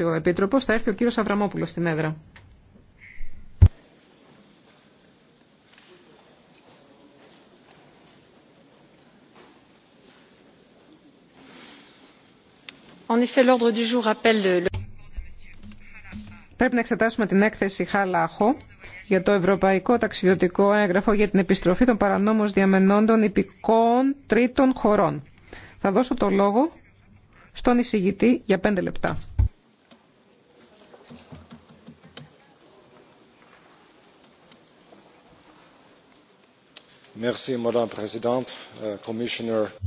ο θα έρθει ο κύριο Αβραμόπουλο στην έδρα. Πρέπει να εξετάσουμε την έκθεση Χαλάχο για το Ευρωπαϊκό Ταξιδιωτικό Έγγραφο για την επιστροφή των παρανόμως διαμενόντων υπηκών τρίτων χωρών. Θα δώσω το λόγο στον εισηγητή για πέντε λεπτά. Euh,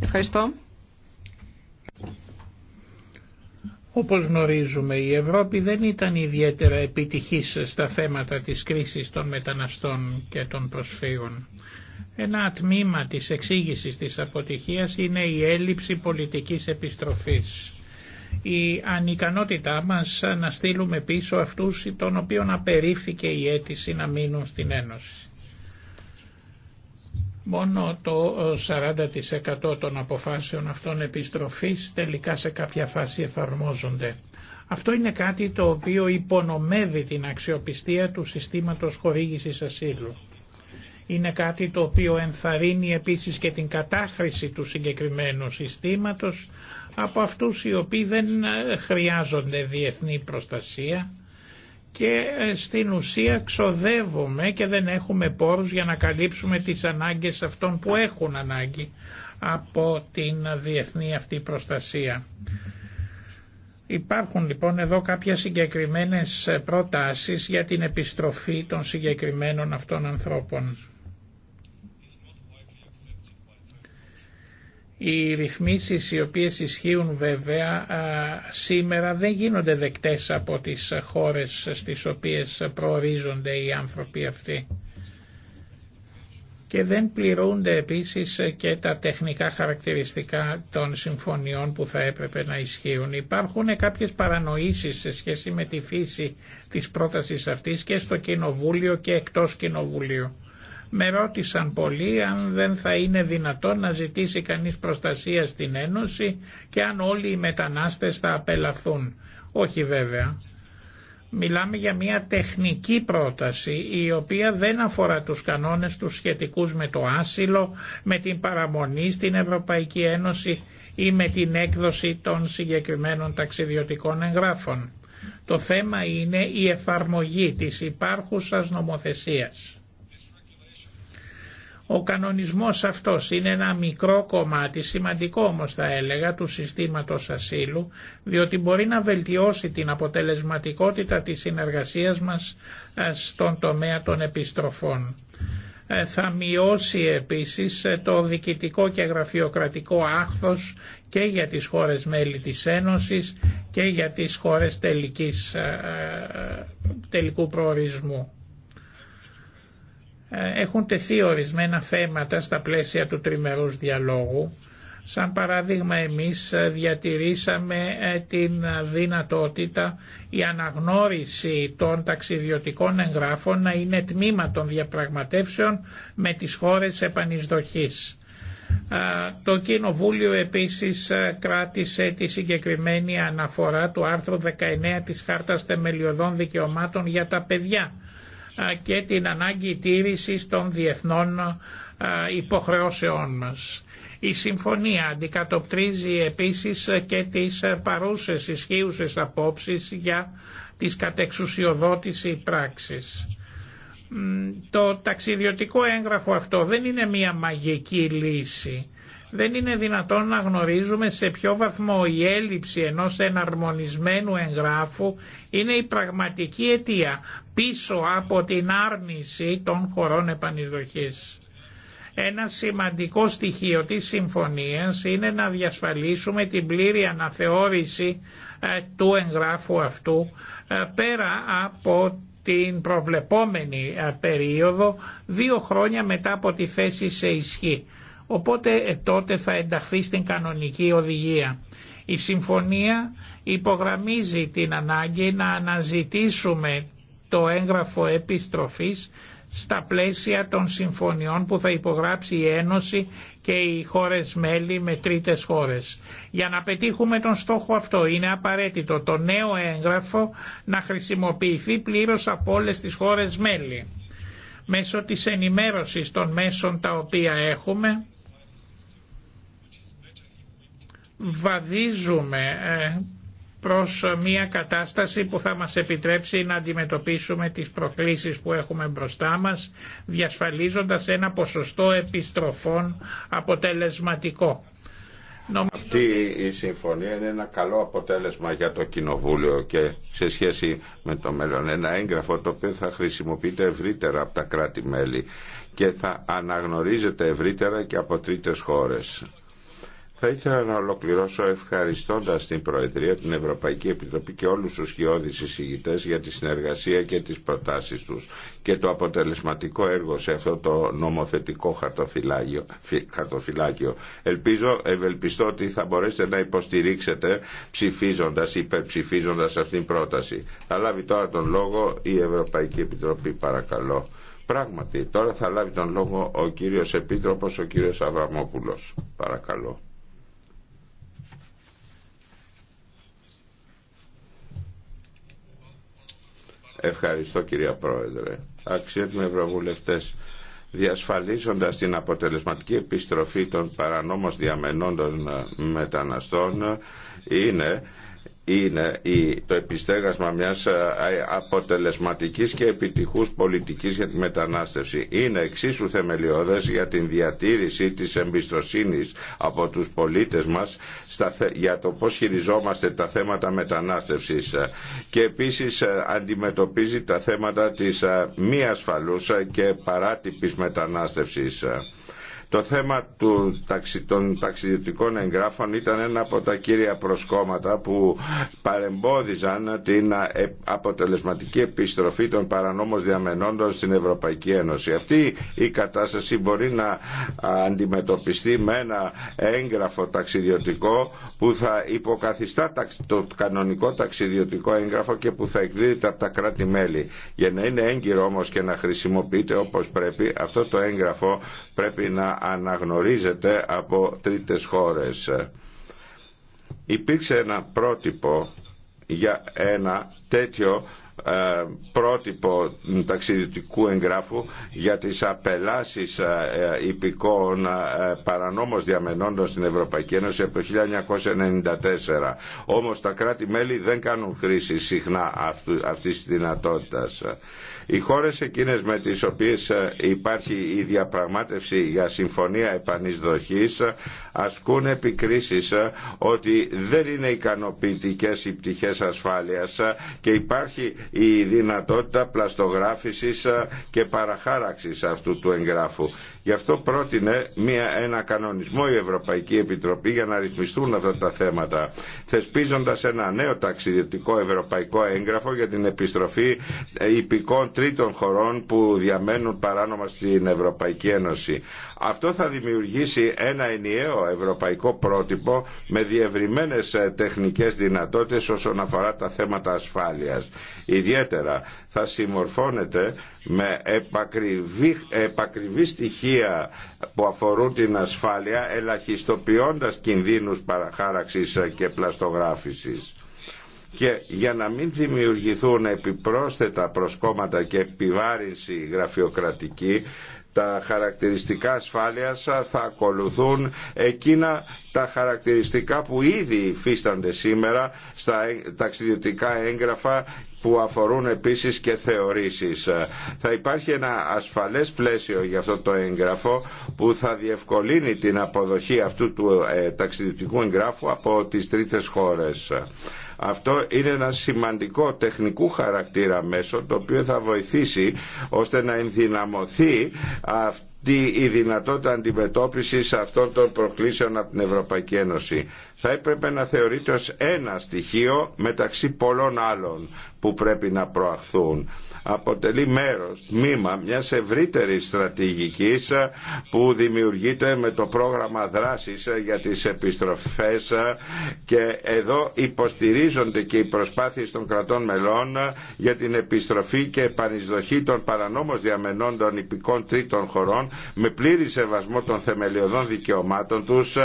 Ευχαριστώ. Όπως γνωρίζουμε η Ευρώπη δεν ήταν ιδιαίτερα επιτυχής στα θέματα της κρίσης των μεταναστών και των προσφύγων. Ένα τμήμα της εξήγησης της αποτυχίας είναι η έλλειψη πολιτικής επιστροφής. Η ανικανότητά μας να στείλουμε πίσω αυτούς των οποίων απερίφθηκε η αίτηση να μείνουν στην Ένωση. Μόνο το 40% ε, των αποφάσεων αυτών επιστροφής τελικά σε κάποια φάση εφαρμόζονται. Αυτό είναι κάτι το οποίο υπονομεύει την αξιοπιστία του συστήματος χορήγησης ασύλου. Είναι κάτι το οποίο ενθαρρύνει επίσης και την κατάχρηση του συγκεκριμένου συστήματος από αυτούς οι οποίοι δεν ε, χρειάζονται διεθνή προστασία και ε, στην ουσία ξοδεύουμε και δεν έχουμε πόρους για να καλύψουμε τις ανάγκες αυτών που έχουν ανάγκη από την διεθνή αυτή προστασία. Υπάρχουν λοιπόν εδώ κάποια συγκεκριμένες προτάσεις για την επιστροφή των συγκεκριμένων αυτών ανθρώπων. Οι ρυθμίσεις οι οποίες ισχύουν βέβαια σήμερα δεν γίνονται δεκτές από τις χώρες στις οποίες προορίζονται οι άνθρωποι αυτοί και δεν πληρούνται επίσης και τα τεχνικά χαρακτηριστικά των συμφωνιών που θα έπρεπε να ισχύουν. Υπάρχουν κάποιες παρανοήσεις σε σχέση με τη φύση της πρότασης αυτής και στο Κοινοβούλιο και εκτό Κοινοβουλίου. Με ρώτησαν πολλοί αν δεν θα είναι δυνατό να ζητήσει κανείς προστασία στην Ένωση και αν όλοι οι μετανάστες θα απελαθούν. Όχι βέβαια. Μιλάμε για μια τεχνική πρόταση η οποία δεν αφορά τους κανόνες τους σχετικούς με το άσυλο, με την παραμονή στην Ευρωπαϊκή Ένωση ή με την έκδοση των συγκεκριμένων ταξιδιωτικών εγγράφων. Το θέμα είναι η εφαρμογή της υπάρχουσας νομοθεσίας. Ο κανονισμός αυτός είναι ένα μικρό κομμάτι, σημαντικό όμως θα έλεγα, του συστήματος ασύλου, διότι μπορεί να βελτιώσει την αποτελεσματικότητα της συνεργασίας μας ε, στον τομέα των επιστροφών. Ε, θα μειώσει επίσης ε, το διοικητικό και γραφειοκρατικό άχθος και για τις χώρες μέλη της Ένωσης και για τις χώρες τελικής, τελικού προορισμού ε, έχουν τεθεί ορισμένα θέματα στα πλαίσια του τριμερούς διαλόγου. Σαν παράδειγμα εμείς ε, διατηρήσαμε ε, την δυνατότητα η αναγνώριση των ταξιδιωτικών εγγράφων να είναι τμήμα των διαπραγματεύσεων με τις χώρες επανεισδοχής. Το Κοινοβούλιο επίσης κράτησε τη συγκεκριμένη αναφορά του άρθρου 19 της Χάρτας Θεμελιωδών Δικαιωμάτων για τα παιδιά και την ανάγκη τήρησης των διεθνών υποχρεώσεών μας. Η συμφωνία αντικατοπτρίζει επίσης και τις παρούσες ισχύουσες απόψεις για τις κατεξουσιοδότηση πράξεις. Το ταξιδιωτικό έγγραφο αυτό δεν είναι μία μαγική λύση δεν είναι δυνατόν να γνωρίζουμε σε ποιο βαθμό η έλλειψη ενός εναρμονισμένου εγγράφου είναι η πραγματική αιτία πίσω από την άρνηση των χωρών επανεισδοχής. Ένα σημαντικό στοιχείο της συμφωνίας είναι να διασφαλίσουμε την πλήρη αναθεώρηση ε, του εγγράφου αυτού ε, πέρα από την προβλεπόμενη ε, περίοδο δύο χρόνια μετά από τη θέση σε ισχύ οπότε ε, τότε θα ενταχθεί στην κανονική οδηγία. Η συμφωνία υπογραμμίζει την ανάγκη να αναζητήσουμε το έγγραφο επιστροφής στα πλαίσια των συμφωνιών που θα υπογράψει η Ένωση και οι χώρες μέλη με τρίτες χώρες. Για να πετύχουμε τον στόχο αυτό είναι απαραίτητο το νέο έγγραφο να χρησιμοποιηθεί πλήρως από όλες τις χώρες μέλη. Μέσω της ενημέρωσης των μέσων τα οποία έχουμε βαδίζουμε ε, προς μια κατάσταση που θα μας επιτρέψει να αντιμετωπίσουμε τις προκλήσεις που έχουμε μπροστά μας, διασφαλίζοντας ένα ποσοστό επιστροφών αποτελεσματικό. Αυτή η συμφωνία είναι ένα καλό αποτέλεσμα για το Κοινοβούλιο και σε σχέση με το μέλλον. Ένα έγγραφο το οποίο θα χρησιμοποιείται ευρύτερα από τα κράτη-μέλη και θα αναγνωρίζεται ευρύτερα και από τρίτες χώρες. Θα ήθελα να ολοκληρώσω ευχαριστώντας την Προεδρία, την Ευρωπαϊκή Επιτροπή και όλους τους χειώδεις εισηγητές για τη συνεργασία και τις προτάσεις τους και το αποτελεσματικό έργο σε αυτό το νομοθετικό χαρτοφυλάκιο. χαρτοφυλάκιο. Ελπίζω, ευελπιστώ ότι θα μπορέσετε να υποστηρίξετε ψηφίζοντας, υπερψηφίζοντας αυτήν την πρόταση. Θα λάβει τώρα τον λόγο η Ευρωπαϊκή Επιτροπή, παρακαλώ. Πράγματι, τώρα θα λάβει τον λόγο ο κύριος Επίτροπος, ο κύριος Αβραμόπουλος. Παρακαλώ. Ευχαριστώ κυρία Πρόεδρε. Αξιότιμοι Ευρωβουλευτές, διασφαλίζοντας την αποτελεσματική επιστροφή των παρανόμως διαμενών των μεταναστών είναι είναι το επιστέγασμα μιας ε, αποτελεσματικής και επιτυχούς πολιτικής για τη μετανάστευση. Είναι εξίσου θεμελιώδες για την διατήρηση της εμπιστοσύνης από τους πολίτες μας για το πώς χειριζόμαστε τα θέματα μετανάστευσης και επίσης ε, αντιμετωπίζει τα θέματα της ε, μη ασφαλούς και παράτυπης μετανάστευσης. Το θέμα του, των ταξιδιωτικών εγγράφων ήταν ένα από τα κύρια προσκόμματα που παρεμπόδιζαν την ε, αποτελεσματική επιστροφή των παρανόμως διαμενόντων στην Ευρωπαϊκή Ένωση. Αυτή η κατάσταση μπορεί να αντιμετωπιστεί με ένα έγγραφο ταξιδιωτικό που θα υποκαθιστά το κανονικό ταξιδιωτικό έγγραφο και που θα εκδίδεται από τα κράτη-μέλη. Για να είναι έγκυρο όμως και να χρησιμοποιείται όπως πρέπει, αυτό το έγγραφο πρέπει να αναγνωρίζεται από τρίτες χώρες. Υπήρξε ένα πρότυπο για ένα τέτοιο ε, πρότυπο ταξιδιωτικού εγγράφου για τις απελάσεις ε, ε, υπηκόων παρανόμως διαμενόντων στην Ευρωπαϊκή Ένωση από το 1994. Όμως τα κράτη-μέλη δεν κάνουν χρήση συχνά αυτής της δυνατότητας. Οι χώρες εκείνες με τις οποίες υπάρχει η διαπραγμάτευση για συμφωνία επανεισδοχής ασκούν επικρίσεις ότι δεν είναι ικανοποιητικές οι πτυχές ασφάλειας και υπάρχει η δυνατότητα πλαστογράφησης ε, και παραχάραξης αυτού του εγγράφου. Γι' αυτό πρότεινε μια, ένα κανονισμό η Ευρωπαϊκή Επιτροπή για να ρυθμιστούν αυτά τα θέματα, θεσπίζοντας ένα νέο ταξιδιωτικό ευρωπαϊκό έγγραφο για την επιστροφή ε, υπηκών τρίτων χωρών που διαμένουν παράνομα στην Ευρωπαϊκή Ένωση. Αυτό θα δημιουργήσει ένα ενιαίο ευρωπαϊκό πρότυπο με διευρυμένε ε, τεχνικές δυνατότητες όσον αφορά τα θέματα ασφάλειας. Ιδιαίτερα θα συμμορφώνεται με επακριβή, επακριβή στοιχεία που αφορούν την ασφάλεια ελαχιστοποιώντας κινδύνους παραχάραξης και πλαστογράφησης και για να μην δημιουργηθούν επιπρόσθετα προσκόμματα και επιβάρυνση γραφειοκρατική τα χαρακτηριστικά ασφάλειας θα ακολουθούν εκείνα τα χαρακτηριστικά που ήδη υφίστανται σήμερα στα ε- ταξιδιωτικά έγγραφα που αφορούν επίσης και θεωρήσεις. Θα υπάρχει ένα ασφαλές πλαίσιο για αυτό το έγγραφο που θα διευκολύνει την αποδοχή αυτού του ε, ταξιδιωτικού εγγράφου από τις τρίτες χώρες. Αυτό είναι ένα σημαντικό τεχνικού χαρακτήρα μέσο το οποίο θα βοηθήσει ώστε να ενδυναμωθεί αυτό η δυνατότητα αντιμετώπισης αυτών των προκλήσεων από την Ευρωπαϊκή Ένωση. Θα έπρεπε να θεωρείται ως ένα στοιχείο μεταξύ πολλών άλλων που πρέπει να προαχθούν. Αποτελεί μέρος, τμήμα μιας ευρύτερης στρατηγικής που δημιουργείται με το πρόγραμμα δράσης για τις επιστροφές και εδώ υποστηρίζονται και οι προσπάθειες των κρατών μελών για την επιστροφή και επανεισδοχή των παρανόμως διαμενών των υπηκών τρίτων χωρών με πλήρη σεβασμό των θεμελιωδών δικαιωμάτων τους,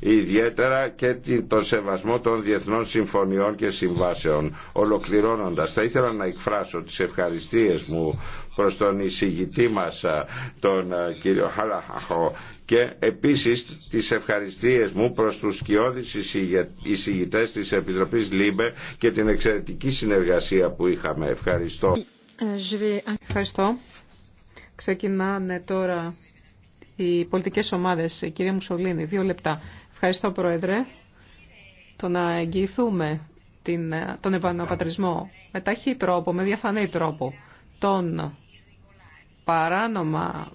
ιδιαίτερα και τον σεβασμό των διεθνών συμφωνιών και συμβάσεων. Ολοκληρώνοντας, θα ήθελα να εκφράσω τις ευχαριστίες μου προς τον εισηγητή μας, τον κύριο Χαλαχαχό, και επίσης τις ευχαριστίες μου προς τους σκιώδεις εισηγητές της Επιτροπής ΛΥΜΠΕ και την εξαιρετική συνεργασία που είχαμε. Ευχαριστώ. Ε, ε, Ευχαριστώ. Ξεκινάνε τώρα οι πολιτικές ομάδες. Κύριε κυρία Μουσολίνη, δύο λεπτά. Ευχαριστώ, Πρόεδρε. Το να εγγυηθούμε την, ε, τον επαναπατρισμό με ταχύ τρόπο, με διαφανή τρόπο των παράνομα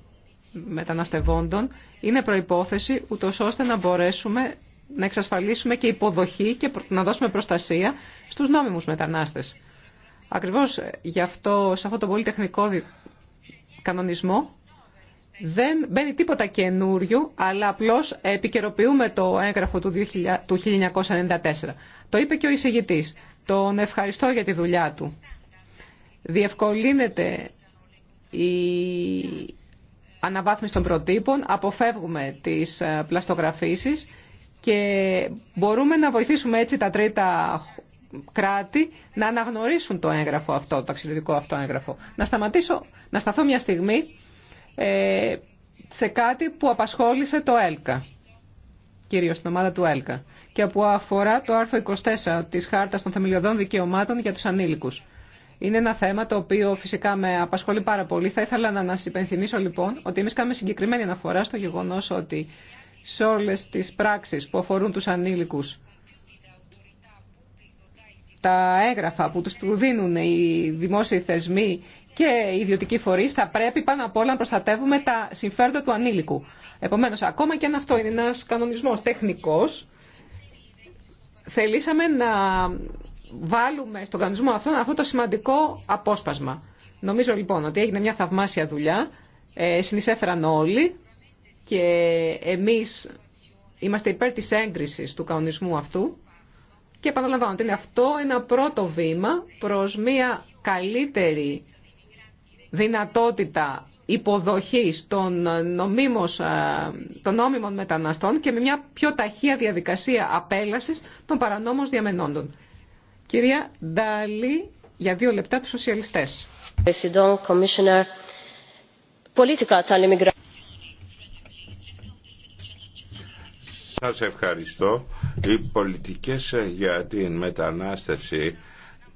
μεταναστευόντων είναι προϋπόθεση ούτω ώστε να μπορέσουμε να εξασφαλίσουμε και υποδοχή και να δώσουμε προστασία στους νόμιμους μετανάστες. Ακριβώς γι' αυτό, σε αυτό το πολύ κανονισμό δεν μπαίνει τίποτα καινούριο, αλλά απλώς επικαιροποιούμε το έγγραφο του 1994. Το είπε και ο εισηγητής. Τον ευχαριστώ για τη δουλειά του. Διευκολύνεται η αναβάθμιση των προτύπων, αποφεύγουμε τις ε, πλαστογραφήσεις και μπορούμε να βοηθήσουμε έτσι τα τρίτα κράτη να αναγνωρίσουν το έγγραφο αυτό, το ταξιδιωτικό αυτό έγγραφο. Να σταματήσω, να σταθώ μια στιγμή ε, σε κάτι που απασχόλησε το ΕΛΚΑ, κυρίως την ομάδα του ΕΛΚΑ, και που αφορά το άρθρο 24 της Χάρτας των Θεμελιωδών Δικαιωμάτων για τους ανήλικους. Είναι ένα θέμα το οποίο φυσικά με απασχολεί πάρα πολύ. Θα ήθελα να σα υπενθυμίσω λοιπόν ότι εμεί κάνουμε συγκεκριμένη αναφορά στο γεγονός ότι σε όλε τι πράξει που αφορούν τους ανήλικους τα έγγραφα που τους δίνουν οι δημόσιοι θεσμοί και οι ιδιωτικοί φορείς θα πρέπει πάνω απ' όλα να προστατεύουμε τα συμφέροντα του ανήλικου. Επομένως, ακόμα και αν αυτό είναι ένας κανονισμός τεχνικός, θελήσαμε να βάλουμε στον κανονισμό αυτό αυτό το σημαντικό απόσπασμα. Νομίζω λοιπόν ότι έγινε μια θαυμάσια δουλειά, ε, συνεισέφεραν όλοι και εμείς είμαστε υπέρ της έγκρισης του κανονισμού αυτού και επαναλαμβάνω ότι είναι αυτό ένα πρώτο βήμα προς μια καλύτερη δυνατότητα υποδοχής των, νομίμως, ε, των νόμιμων μεταναστών και με μια πιο ταχεία διαδικασία απέλασης των παρανόμων διαμενόντων. Κυρία Νταλή, για δύο λεπτά τους σοσιαλιστές. Σας ευχαριστώ. Οι πολιτικές ε, για την μετανάστευση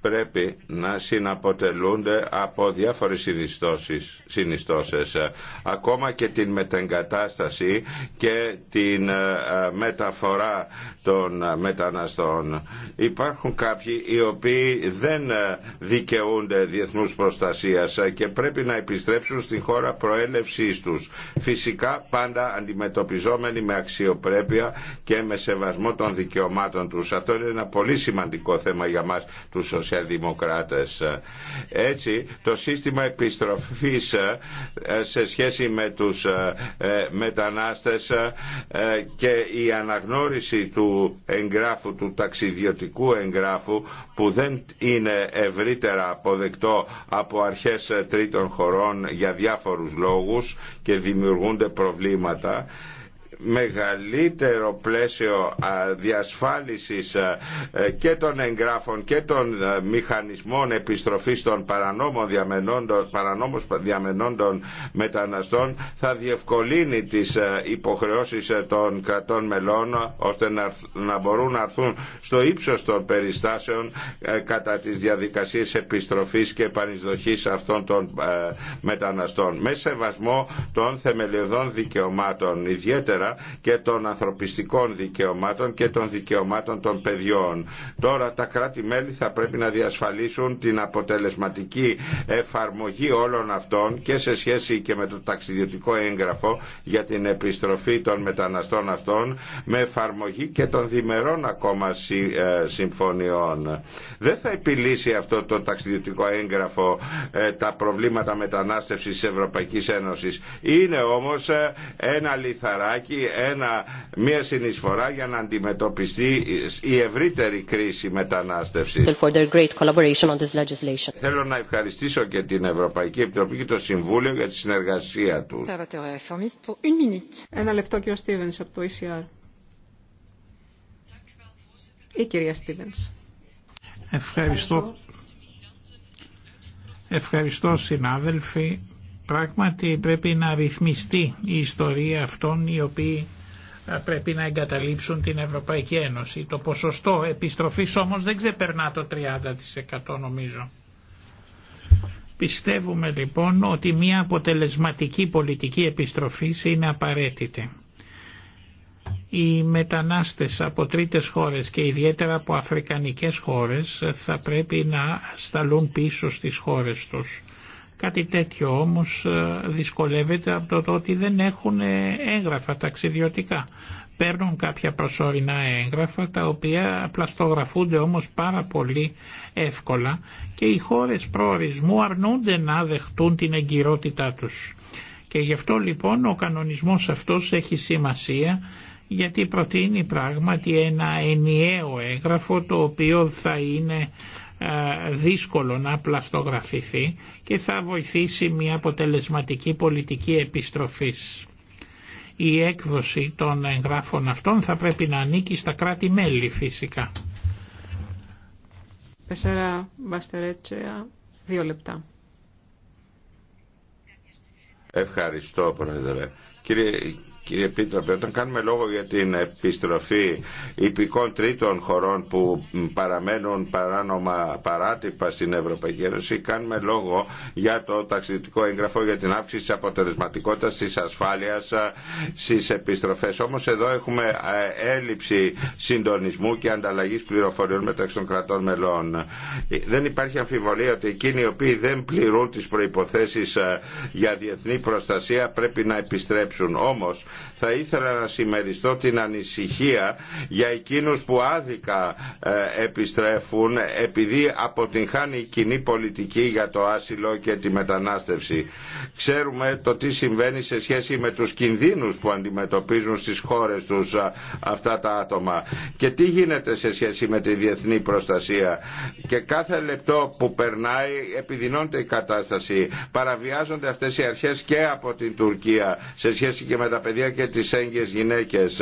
πρέπει να συναποτελούνται από διάφορες συνιστώσεις, ε, ακόμα και την μετεγκατάσταση και την ε, ε, μεταφορά των μεταναστών. Υπάρχουν κάποιοι οι οποίοι δεν δικαιούνται διεθνούς προστασίας και πρέπει να επιστρέψουν στην χώρα προέλευσής τους. Φυσικά πάντα αντιμετωπιζόμενοι με αξιοπρέπεια και με σεβασμό των δικαιωμάτων τους. Αυτό είναι ένα πολύ σημαντικό θέμα για μας τους δημοκράτες. Έτσι το σύστημα επιστροφής ε, σε σχέση με τους ε, ε, μετανάστες και η αναγνώριση του εγγράφου, του ταξιδιωτικού εγγράφου που δεν είναι ευρύτερα αποδεκτό από αρχές τρίτων χωρών για διάφορους λόγους και δημιουργούνται προβλήματα μεγαλύτερο πλαίσιο διασφάλισης ε, και των εγγράφων και των μηχανισμών επιστροφής των παρανόμων διαμενόντων, παρανόμως διαμενόντων μεταναστών θα διευκολύνει τις υποχρεώσεις των κρατών μελών ώστε να, μπορούν να έρθουν στο ύψος των περιστάσεων ε, κατά τις διαδικασίες επιστροφής και επανεισδοχής αυτών των μεταναστών. Με σεβασμό των θεμελιωδών δικαιωμάτων ιδιαίτερα και των ανθρωπιστικών δικαιωμάτων και των δικαιωμάτων των παιδιών. Τώρα τα κράτη-μέλη θα πρέπει να διασφαλίσουν την αποτελεσματική εφαρμογή όλων αυτών και σε σχέση και με το ταξιδιωτικό έγγραφο για την επιστροφή των μεταναστών αυτών με εφαρμογή και των διμερών ακόμα ε, συμφωνιών. Δεν θα επιλύσει αυτό το ταξιδιωτικό έγγραφο ε, τα προβλήματα μετανάστευσης της Ευρωπαϊκής Ένωσης. Είναι όμως ε, ένα λιθαράκι ένα, μια συνεισφορά για να αντιμετωπιστεί η ευρύτερη κρίση μετανάστευση. Θέλω να ευχαριστήσω και την Ευρωπαϊκή Επιτροπή και το Συμβούλιο για τη συνεργασία του. Ένα λεπτό κύριο Στίβεν από το ECR. Η κυρία Στίβεν. Ευχαριστώ. Ευχαριστώ συνάδελφοι. Πράγματι πρέπει να ρυθμιστεί η ιστορία αυτών οι οποίοι ε, πρέπει να εγκαταλείψουν την Ευρωπαϊκή Ένωση. Το ποσοστό επιστροφής όμως δεν ξεπερνά το 30% νομίζω. Πιστεύουμε λοιπόν ότι μια αποτελεσματική πολιτική επιστροφής είναι απαραίτητη. Οι μετανάστες από τρίτες χώρες και ιδιαίτερα από αφρικανικές χώρες θα πρέπει να σταλούν πίσω στις χώρες τους. Κάτι τέτοιο όμως ε, δυσκολεύεται από το ότι δεν έχουν ε, έγγραφα ταξιδιωτικά. Παίρνουν κάποια προσωρινά έγγραφα τα οποία πλαστογραφούνται όμως πάρα πολύ εύκολα και οι χώρες προορισμού αρνούνται να δεχτούν την εγκυρότητά τους. Και γι' αυτό λοιπόν ο κανονισμός αυτός έχει σημασία γιατί προτείνει πράγματι ένα ενιαίο έγγραφο το οποίο θα είναι ε, δύσκολο να πλαστογραφηθεί και θα βοηθήσει μια αποτελεσματική πολιτική επιστροφής. Η έκδοση των εγγράφων αυτών θα πρέπει να ανήκει στα κράτη-μέλη φυσικά. Πεσέρα Μπαστερέτσεα, δύο λεπτά. Ευχαριστώ, Πρόεδρε. Κύριε Κύριε Επίτροπε, όταν κάνουμε λόγο για την επιστροφή υπηκών τρίτων χωρών που παραμένουν παράνομα παράτυπα στην Ευρωπαϊκή Ένωση, κάνουμε λόγο για το ταξιδιτικό έγγραφο για την αύξηση της αποτελεσματικότητας της ασφάλειας στις επιστροφές. Όμως εδώ έχουμε έλλειψη συντονισμού και ανταλλαγής πληροφοριών μεταξύ των κρατών μελών. Δεν υπάρχει αμφιβολία ότι εκείνοι οι οποίοι δεν πληρούν τις προϋποθέσεις για διεθνή προστασία πρέπει να επιστρέψουν. Όμως θα ήθελα να συμμεριστώ την ανησυχία για εκείνους που άδικα ε, επιστρέφουν επειδή αποτυγχάνει η κοινή πολιτική για το άσυλο και τη μετανάστευση. Ξέρουμε το τι συμβαίνει σε σχέση με τους κινδύνους που αντιμετωπίζουν στις χώρες τους ε, αυτά τα άτομα και τι γίνεται σε σχέση με τη διεθνή προστασία. Και κάθε λεπτό που περνάει επιδεινώνεται η κατάσταση. Παραβιάζονται αυτές οι αρχές και από την Τουρκία σε σχέση και με τα παιδιά και τις έγκυες γυναίκες.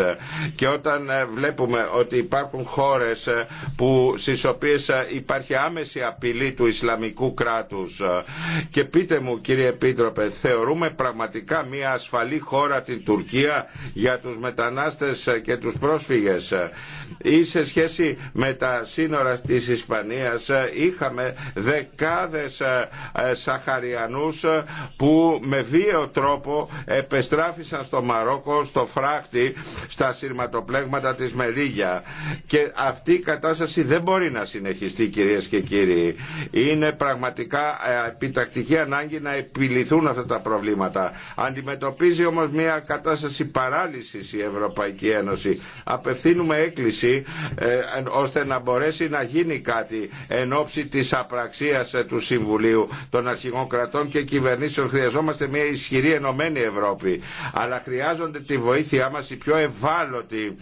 Και όταν ε, βλέπουμε ότι υπάρχουν χώρες ε, που, στις οποίες ε, υπάρχει άμεση απειλή του Ισλαμικού κράτους και πείτε μου κύριε Επίτροπε θεωρούμε πραγματικά μια ασφαλή χώρα την Τουρκία για τους μετανάστες και τους πρόσφυγες ή σε σχέση με τα σύνορα της Ισπανίας είχαμε δεκάδες Σαχαριανούς που με βίαιο τρόπο επεστράφησαν στο Μαρό Μαρόκο στο φράχτη στα σειρματοπλέγματα της Μελίγια. Και αυτή η κατάσταση δεν μπορεί να συνεχιστεί κυρίες και κύριοι. Είναι πραγματικά ε, επιτακτική ανάγκη να επιληθούν αυτά τα προβλήματα. Αντιμετωπίζει όμως μια κατάσταση παράλυσης η Ευρωπαϊκή Ένωση. Απευθύνουμε έκκληση ε, ώστε να μπορέσει να γίνει κάτι εν ώψη της απραξίας ε, του Συμβουλίου των Αρχηγών Κρατών και Κυβερνήσεων. Χρειαζόμαστε μια ισχυρή ενωμένη Ευρώπη. Αλλά χρειάζονται χρειάζονται τη βοήθειά μας οι πιο ευάλωτοι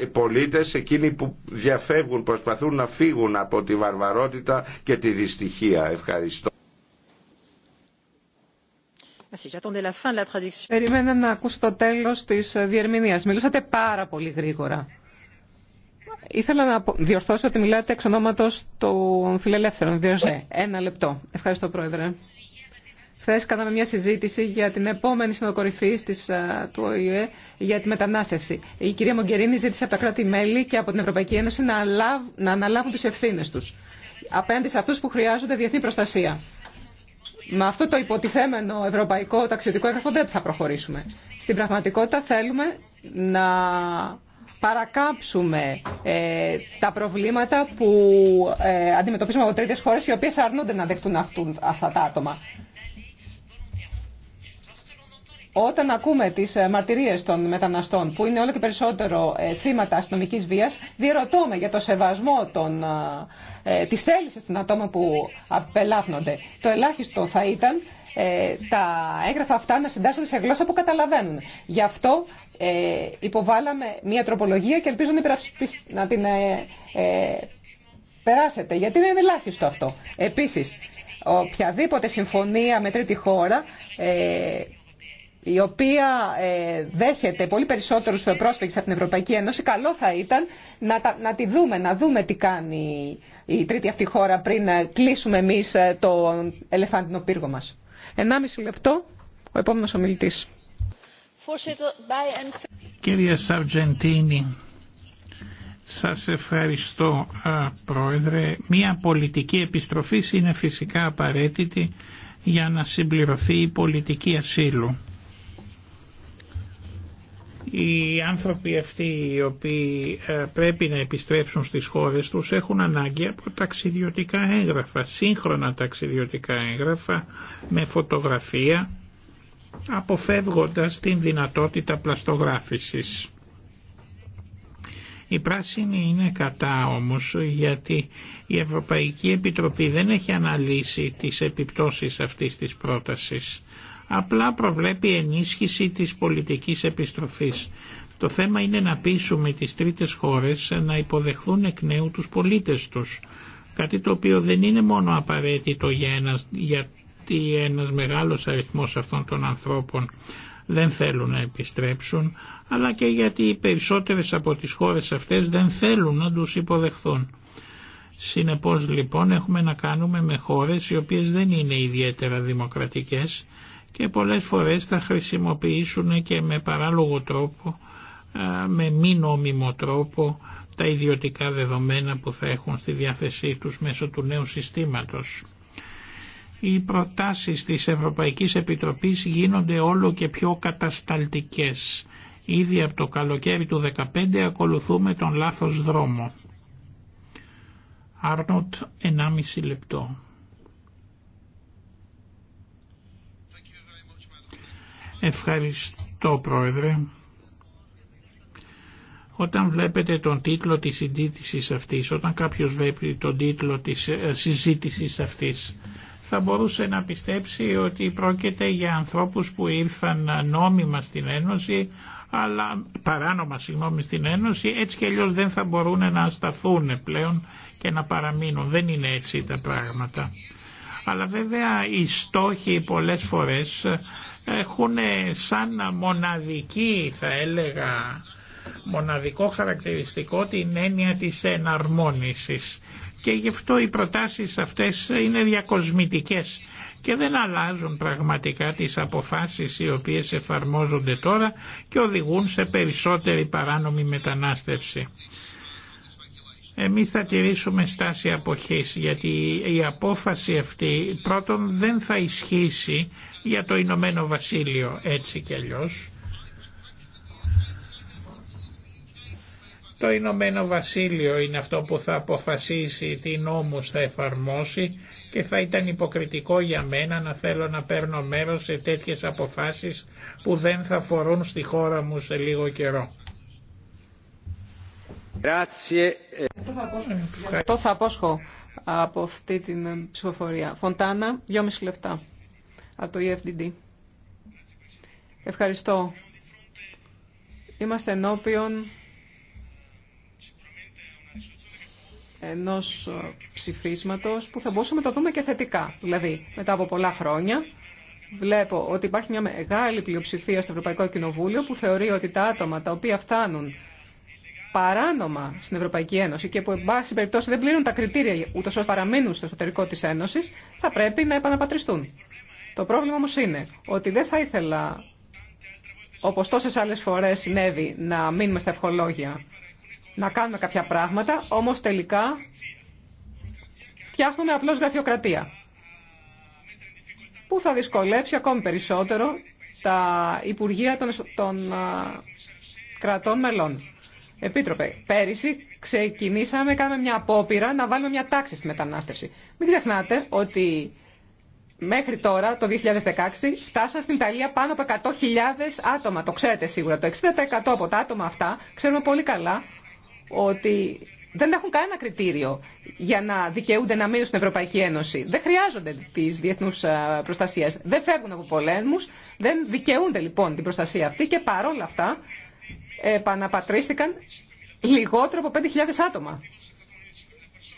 ε, πολίτες, εκείνοι που διαφεύγουν, προσπαθούν να φύγουν από τη βαρβαρότητα και τη δυστυχία. Ευχαριστώ. Περίμενα να ακούσω το τέλος της ε, διερμηνίας. Μιλούσατε πάρα πολύ γρήγορα. Ήθελα να διορθώσω ότι μιλάτε εξ ονόματος των φιλελεύθερων. Διορθώ. Ένα λεπτό. Ευχαριστώ, Πρόεδρε. Χθε κάναμε μια συζήτηση για την επόμενη συνοδοκορυφή του ΟΗΕ για τη μετανάστευση. Η κυρία Μογκερίνη ζήτησε από τα κράτη-μέλη και από την Ευρωπαϊκή Ένωση να, αναλάβουν τι ευθύνε του απέναντι σε αυτού που χρειάζονται διεθνή προστασία. Με αυτό το υποτιθέμενο ευρωπαϊκό ταξιδιωτικό έγγραφο δεν θα προχωρήσουμε. Στην πραγματικότητα θέλουμε να παρακάψουμε ε, τα προβλήματα που ε, αντιμετωπίζουμε από τρίτες χώρες οι οποίες αρνούνται να δεχτούν αυτά τα άτομα. Όταν ακούμε τις ε, μαρτυρίε των μεταναστών που είναι όλο και περισσότερο ε, θύματα αστυνομική βίας, διερωτώμε για το σεβασμό των, θέληση ε, της των ατόμων που απελάφνονται. Το ελάχιστο θα ήταν τα έγγραφα αυτά να συντάσσονται σε γλώσσα που καταλαβαίνουν. Γι' αυτό υποβάλαμε μια τροπολογία και ελπίζω να την περάσετε, γιατί δεν είναι ελάχιστο αυτό. Επίσης, οποιαδήποτε συμφωνία με τρίτη χώρα η οποία ε, δέχεται πολύ περισσότερους πρόσφυγες από την Ευρωπαϊκή Ένωση, καλό θα ήταν να, να τη δούμε, να δούμε τι κάνει η τρίτη αυτή χώρα πριν ε, κλείσουμε εμείς ε, το ελεφάντινο πύργο μας. 1,5 λεπτό, ο επόμενος ομιλητής. Κύριε Σαρτζεντίνη, σας ευχαριστώ Πρόεδρε. Μία πολιτική επιστροφή είναι φυσικά απαραίτητη για να συμπληρωθεί η πολιτική ασύλου. Οι άνθρωποι αυτοί οι οποίοι ε, πρέπει να επιστρέψουν στις χώρες τους έχουν ανάγκη από ταξιδιωτικά έγγραφα, σύγχρονα ταξιδιωτικά έγγραφα με φωτογραφία αποφεύγοντας την δυνατότητα πλαστογράφησης. Η πράσινη είναι κατά όμως γιατί η Ευρωπαϊκή Επιτροπή δεν έχει αναλύσει τις επιπτώσεις αυτής της πρότασης απλά προβλέπει ενίσχυση της πολιτικής επιστροφής. Το θέμα είναι να πείσουμε τις τρίτες χώρες να υποδεχθούν εκ νέου τους πολίτες τους. Κάτι το οποίο δεν είναι μόνο απαραίτητο για ένας, γιατί ένας μεγάλος αριθμός αυτών των ανθρώπων δεν θέλουν να επιστρέψουν, αλλά και γιατί οι περισσότερες από τις χώρες αυτές δεν θέλουν να τους υποδεχθούν. Συνεπώς λοιπόν έχουμε να κάνουμε με χώρες οι οποίες δεν είναι ιδιαίτερα δημοκρατικές και πολλές φορές θα χρησιμοποιήσουν και με παράλογο τρόπο, με μη νόμιμο τρόπο, τα ιδιωτικά δεδομένα που θα έχουν στη διάθεσή τους μέσω του νέου συστήματος. Οι προτάσεις της Ευρωπαϊκής Επιτροπής γίνονται όλο και πιο κατασταλτικές. Ήδη από το καλοκαίρι του 2015 ακολουθούμε τον λάθος δρόμο. Άρνοτ 1,5 λεπτό. Ευχαριστώ Πρόεδρε. Όταν βλέπετε τον τίτλο της συζήτησης αυτής, όταν κάποιος βλέπει τον τίτλο της ε, συζήτησης αυτής, θα μπορούσε να πιστέψει ότι πρόκειται για ανθρώπους που ήρθαν ε, νόμιμα στην Ένωση, αλλά παράνομα συγγνώμη στην Ένωση, έτσι και αλλιώς δεν θα μπορούν να σταθούν πλέον και να παραμείνουν. Δεν είναι έτσι τα πράγματα. Αλλά βέβαια οι στόχοι πολλές φορές ε, έχουν σαν μοναδική θα έλεγα μοναδικό χαρακτηριστικό την έννοια της εναρμόνισης και γι' αυτό οι προτάσεις αυτές είναι διακοσμητικές και δεν αλλάζουν πραγματικά τις αποφάσεις οι οποίες εφαρμόζονται τώρα και οδηγούν σε περισσότερη παράνομη μετανάστευση. Εμείς θα τηρήσουμε στάση αποχής γιατί η απόφαση αυτή πρώτον δεν θα ισχύσει για το Ηνωμένο Βασίλειο έτσι κι αλλιώς. Το Ηνωμένο Βασίλειο είναι αυτό που θα αποφασίσει τι νόμους θα εφαρμόσει και θα ήταν υποκριτικό για μένα να θέλω να παίρνω μέρος σε τέτοιες αποφάσεις που δεν θα φορούν στη χώρα μου σε λίγο καιρό. Το θα απόσχω από αυτή την ψηφοφορία. Φοντάνα, 2,5 λεπτά από το EFDD. Ευχαριστώ. Είμαστε ενώπιον ενός ψηφίσματος που θα μπορούσαμε να το δούμε και θετικά. Δηλαδή, μετά από πολλά χρόνια, βλέπω ότι υπάρχει μια μεγάλη πλειοψηφία στο Ευρωπαϊκό Κοινοβούλιο που θεωρεί ότι τα άτομα τα οποία φτάνουν παράνομα στην Ευρωπαϊκή Ένωση και που, εν πάση περιπτώσει, δεν πλήρουν τα κριτήρια ούτω ώστε παραμείνουν στο εσωτερικό τη Ένωση, θα πρέπει να επαναπατριστούν. Το πρόβλημα όμω είναι ότι δεν θα ήθελα, όπω τόσε άλλε φορέ συνέβη, να μείνουμε στα ευχολόγια, να κάνουμε κάποια πράγματα, όμω τελικά φτιάχνουμε απλώ γραφειοκρατία που θα δυσκολεύσει ακόμη περισσότερο τα Υπουργεία των κρατών μελών. Επίτροπε, πέρυσι ξεκινήσαμε, κάναμε μια απόπειρα να βάλουμε μια τάξη στη μετανάστευση. Μην ξεχνάτε ότι μέχρι τώρα, το 2016, φτάσαν στην Ιταλία πάνω από 100.000 άτομα. Το ξέρετε σίγουρα. Το 60% από τα άτομα αυτά ξέρουμε πολύ καλά ότι δεν έχουν κανένα κριτήριο για να δικαιούνται να μείνουν στην Ευρωπαϊκή Ένωση. Δεν χρειάζονται τι διεθνού προστασίε. Δεν φεύγουν από πολέμου. Δεν δικαιούνται λοιπόν την προστασία αυτή και παρόλα αυτά επαναπατρίστηκαν λιγότερο από 5.000 άτομα.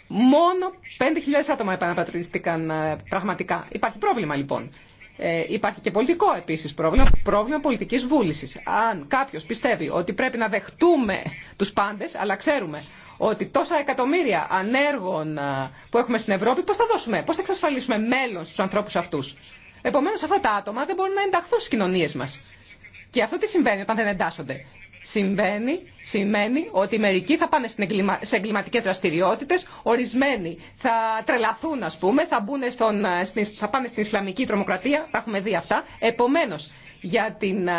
Μόνο 5.000 άτομα επαναπατρίστηκαν ε, πραγματικά. Υπάρχει πρόβλημα λοιπόν. Ε, υπάρχει και πολιτικό επίσης πρόβλημα, πρόβλημα πολιτικής βούλησης. Αν κάποιος πιστεύει ότι πρέπει να δεχτούμε τους πάντες, αλλά ξέρουμε ότι τόσα εκατομμύρια ανέργων ε, που έχουμε στην Ευρώπη, πώς θα δώσουμε, πώς θα εξασφαλίσουμε μέλλον στους ανθρώπους αυτούς. Επομένως αυτά τα άτομα δεν μπορούν να ενταχθούν στις κοινωνίες μας. Και αυτό τι συμβαίνει όταν δεν εντάσσονται συμβαίνει, σημαίνει ότι μερικοί θα πάνε σε εγκληματικέ δραστηριότητε, ορισμένοι θα τρελαθούν ας πούμε, θα, μπουν στον, ε, θα πάνε στην Ισλαμική τρομοκρατία, τα έχουμε δει αυτά. Επομένως, για την ε,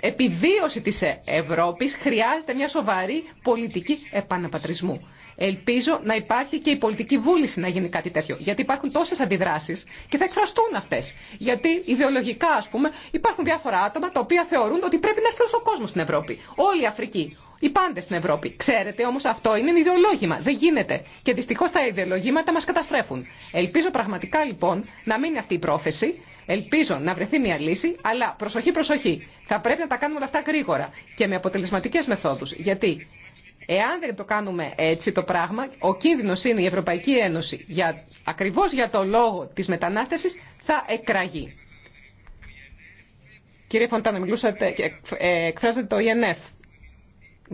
επιβίωση της Ευρώπης χρειάζεται μια σοβαρή πολιτική επαναπατρισμού. Ελπίζω να υπάρχει και η πολιτική βούληση να γίνει κάτι τέτοιο. Γιατί υπάρχουν τόσε αντιδράσει και θα εκφραστούν αυτέ. Γιατί ιδεολογικά, α πούμε, υπάρχουν διάφορα άτομα τα οποία θεωρούν ότι πρέπει να έρθει όλο ο κόσμο στην Ευρώπη. Όλοι η Αφρική. Οι πάντε στην Ευρώπη. Ξέρετε όμω αυτό είναι ιδεολόγημα. Δεν γίνεται. Και δυστυχώ τα ιδεολογήματα μα καταστρέφουν. Ελπίζω πραγματικά λοιπόν να μείνει αυτή η πρόθεση. Ελπίζω να βρεθεί μια λύση, αλλά προσοχή, προσοχή. Θα πρέπει να τα κάνουμε όλα αυτά γρήγορα και με αποτελεσματικέ μεθόδου. Γιατί Εάν δεν το κάνουμε έτσι το πράγμα, ο κίνδυνος είναι η Ευρωπαϊκή Ένωση, για, ακριβώς για το λόγο της μετανάστευση, θα εκραγεί. Κύριε Φωντάνα, μιλούσατε, ε, εκφράζετε το ΙΕΝΕΦ.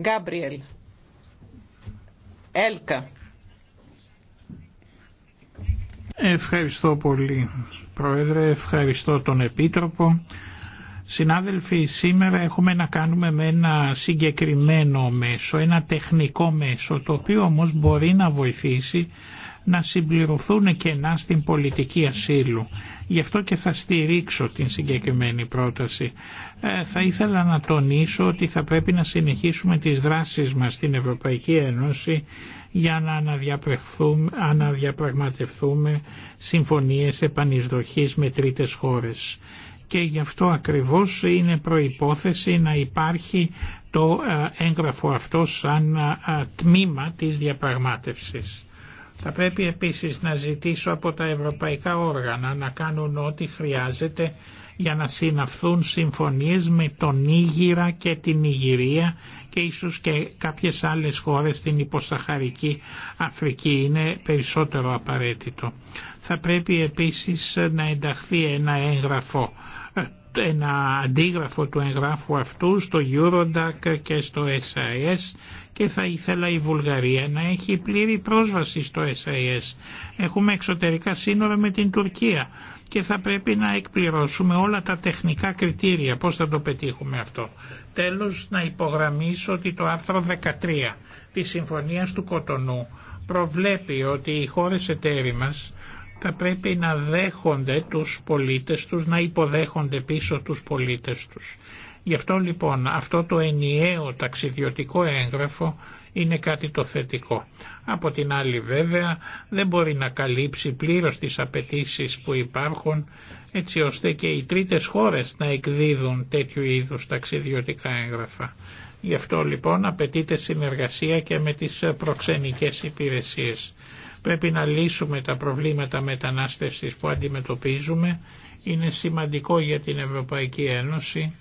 Γκάμπριελ. Έλκα. Ευχαριστώ πολύ, Πρόεδρε. Ευχαριστώ τον Επίτροπο. Συνάδελφοι, σήμερα έχουμε να κάνουμε με ένα συγκεκριμένο μέσο, ένα τεχνικό μέσο, το οποίο όμως μπορεί να βοηθήσει να συμπληρωθούν κενά στην πολιτική ασύλου. Γι' αυτό και θα στηρίξω την συγκεκριμένη πρόταση. Ε, θα ήθελα να τονίσω ότι θα πρέπει να συνεχίσουμε τις δράσεις μας στην Ευρωπαϊκή Ένωση για να αναδιαπραγματευτούμε, αναδιαπραγματευτούμε συμφωνίες επανεισδοχής με τρίτες χώρες και γι' αυτό ακριβώς είναι προϋπόθεση να υπάρχει το ε, έγγραφο αυτό σαν ε, ε, τμήμα της διαπραγμάτευσης. Θα πρέπει επίσης να ζητήσω από τα ευρωπαϊκά όργανα να κάνουν ό,τι χρειάζεται για να συναυθούν συμφωνίες με τον Ήγυρα και την Ιγυρία και ίσως και κάποιες άλλες χώρες στην υποσαχαρική Αφρική είναι περισσότερο απαραίτητο. Θα πρέπει επίσης να ενταχθεί ένα έγγραφο ένα αντίγραφο του εγγράφου αυτού στο Eurodac και στο SIS και θα ήθελα η Βουλγαρία να έχει πλήρη πρόσβαση στο SIS. Έχουμε εξωτερικά σύνορα με την Τουρκία και θα πρέπει να εκπληρώσουμε όλα τα τεχνικά κριτήρια. Πώς θα το πετύχουμε αυτό. Τέλος να υπογραμμίσω ότι το άρθρο 13 της Συμφωνίας του Κοτονού προβλέπει ότι οι χώρες εταίροι μας θα πρέπει να δέχονται τους πολίτες τους, να υποδέχονται πίσω τους πολίτες τους. Γι' αυτό λοιπόν αυτό το ενιαίο ταξιδιωτικό έγγραφο είναι κάτι το θετικό. Από την άλλη βέβαια δεν μπορεί να καλύψει πλήρως τις απαιτήσει που υπάρχουν έτσι ώστε και οι τρίτες χώρες να εκδίδουν τέτοιου είδους ταξιδιωτικά έγγραφα. Γι' αυτό λοιπόν απαιτείται συνεργασία και με τις προξενικές υπηρεσίες. Πρέπει να λύσουμε τα προβλήματα μετανάστευσης που αντιμετωπίζουμε. Είναι σημαντικό για την Ευρωπαϊκή Ένωση.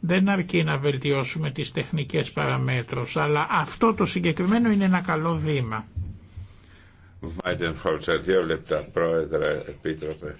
Δεν αρκεί να βελτιώσουμε τις τεχνικές παραμέτρους, αλλά αυτό το συγκεκριμένο είναι ένα καλό βήμα. Βάιντεν δύο λεπτά, Πρόεδρε, Επίτροπε.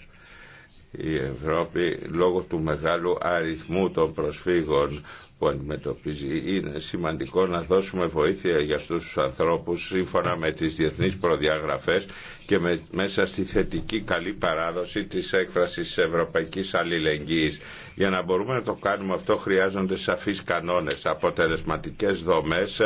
Η Ευρώπη λόγω του μεγάλου αριθμού των προσφύγων που αντιμετωπίζει. Είναι σημαντικό να δώσουμε βοήθεια για αυτούς τους ανθρώπους σύμφωνα με τις διεθνείς προδιαγραφές και μέσα στη θετική καλή παράδοση της έκφρασης ευρωπαϊκής αλληλεγγύης. Για να μπορούμε να το κάνουμε αυτό χρειάζονται σαφείς κανόνες, αποτελεσματικές δομές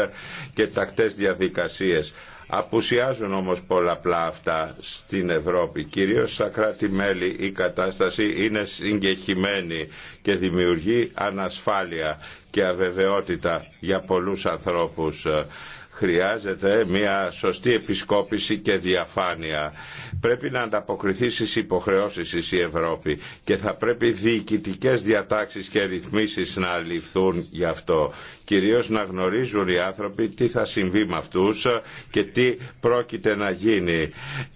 και τακτές διαδικασίες Απουσιάζουν όμως πολλαπλά αυτά στην Ευρώπη. Κυρίως στα κράτη-μέλη η κατάσταση είναι συγκεχημένη και δημιουργεί ανασφάλεια και αβεβαιότητα για πολλούς ανθρώπους χρειάζεται μια σωστή επισκόπηση και διαφάνεια. Πρέπει να ανταποκριθεί στις υποχρεώσεις της η Ευρώπη και θα πρέπει διοικητικέ διατάξεις και ρυθμίσεις να ληφθούν γι' αυτό. Κυρίως να γνωρίζουν οι άνθρωποι τι θα συμβεί με αυτούς και τι πρόκειται να γίνει.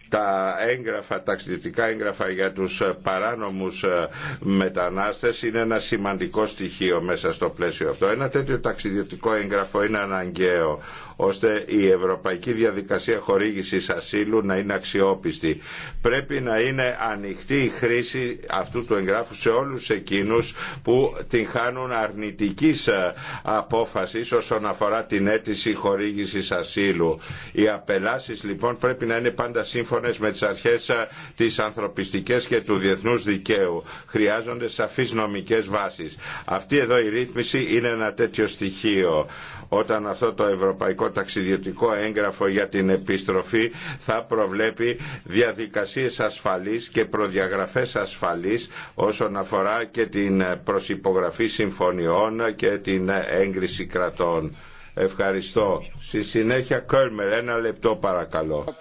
Τα έγγραφα, ταξιδιωτικά έγγραφα για τους παράνομους ε, μετανάστες είναι ένα σημαντικό στοιχείο μέσα στο πλαίσιο αυτό. Ένα τέτοιο ταξιδιωτικό έγγραφο είναι αναγκαίο ώστε η ευρωπαϊκή διαδικασία χορήγησης ασύλου να είναι αξιόπιστη. Πρέπει να είναι ανοιχτή η χρήση αυτού του εγγράφου σε όλους εκείνους που την χάνουν αρνητικής ε, απόφασης όσον αφορά την αίτηση χορήγησης ασύλου. Οι απελάσεις λοιπόν πρέπει να είναι πάντα σύμφωνες με τις αρχές ε, της ανθρωπιστικής και του διεθνούς δικαίου. Χρειάζονται σαφείς νομικές βάσεις. Αυτή εδώ η ρύθμιση είναι ένα τέτοιο στοιχείο. Όταν αυτό το Ευρωπαϊκό ταξιδιωτικό έγγραφο για την επιστροφή θα προβλέπει διαδικασίες ασφαλής και προδιαγραφές ασφαλής όσον αφορά και την προσυπογραφή συμφωνιών και την έγκριση κρατών. Ευχαριστώ. Στη συνέχεια Κέρμερ, ένα λεπτό παρακαλώ.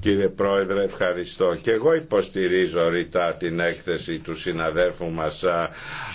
Κύριε Πρόεδρε, ευχαριστώ. Και εγώ υποστηρίζω ρητά την έκθεση του συναδέρφου μας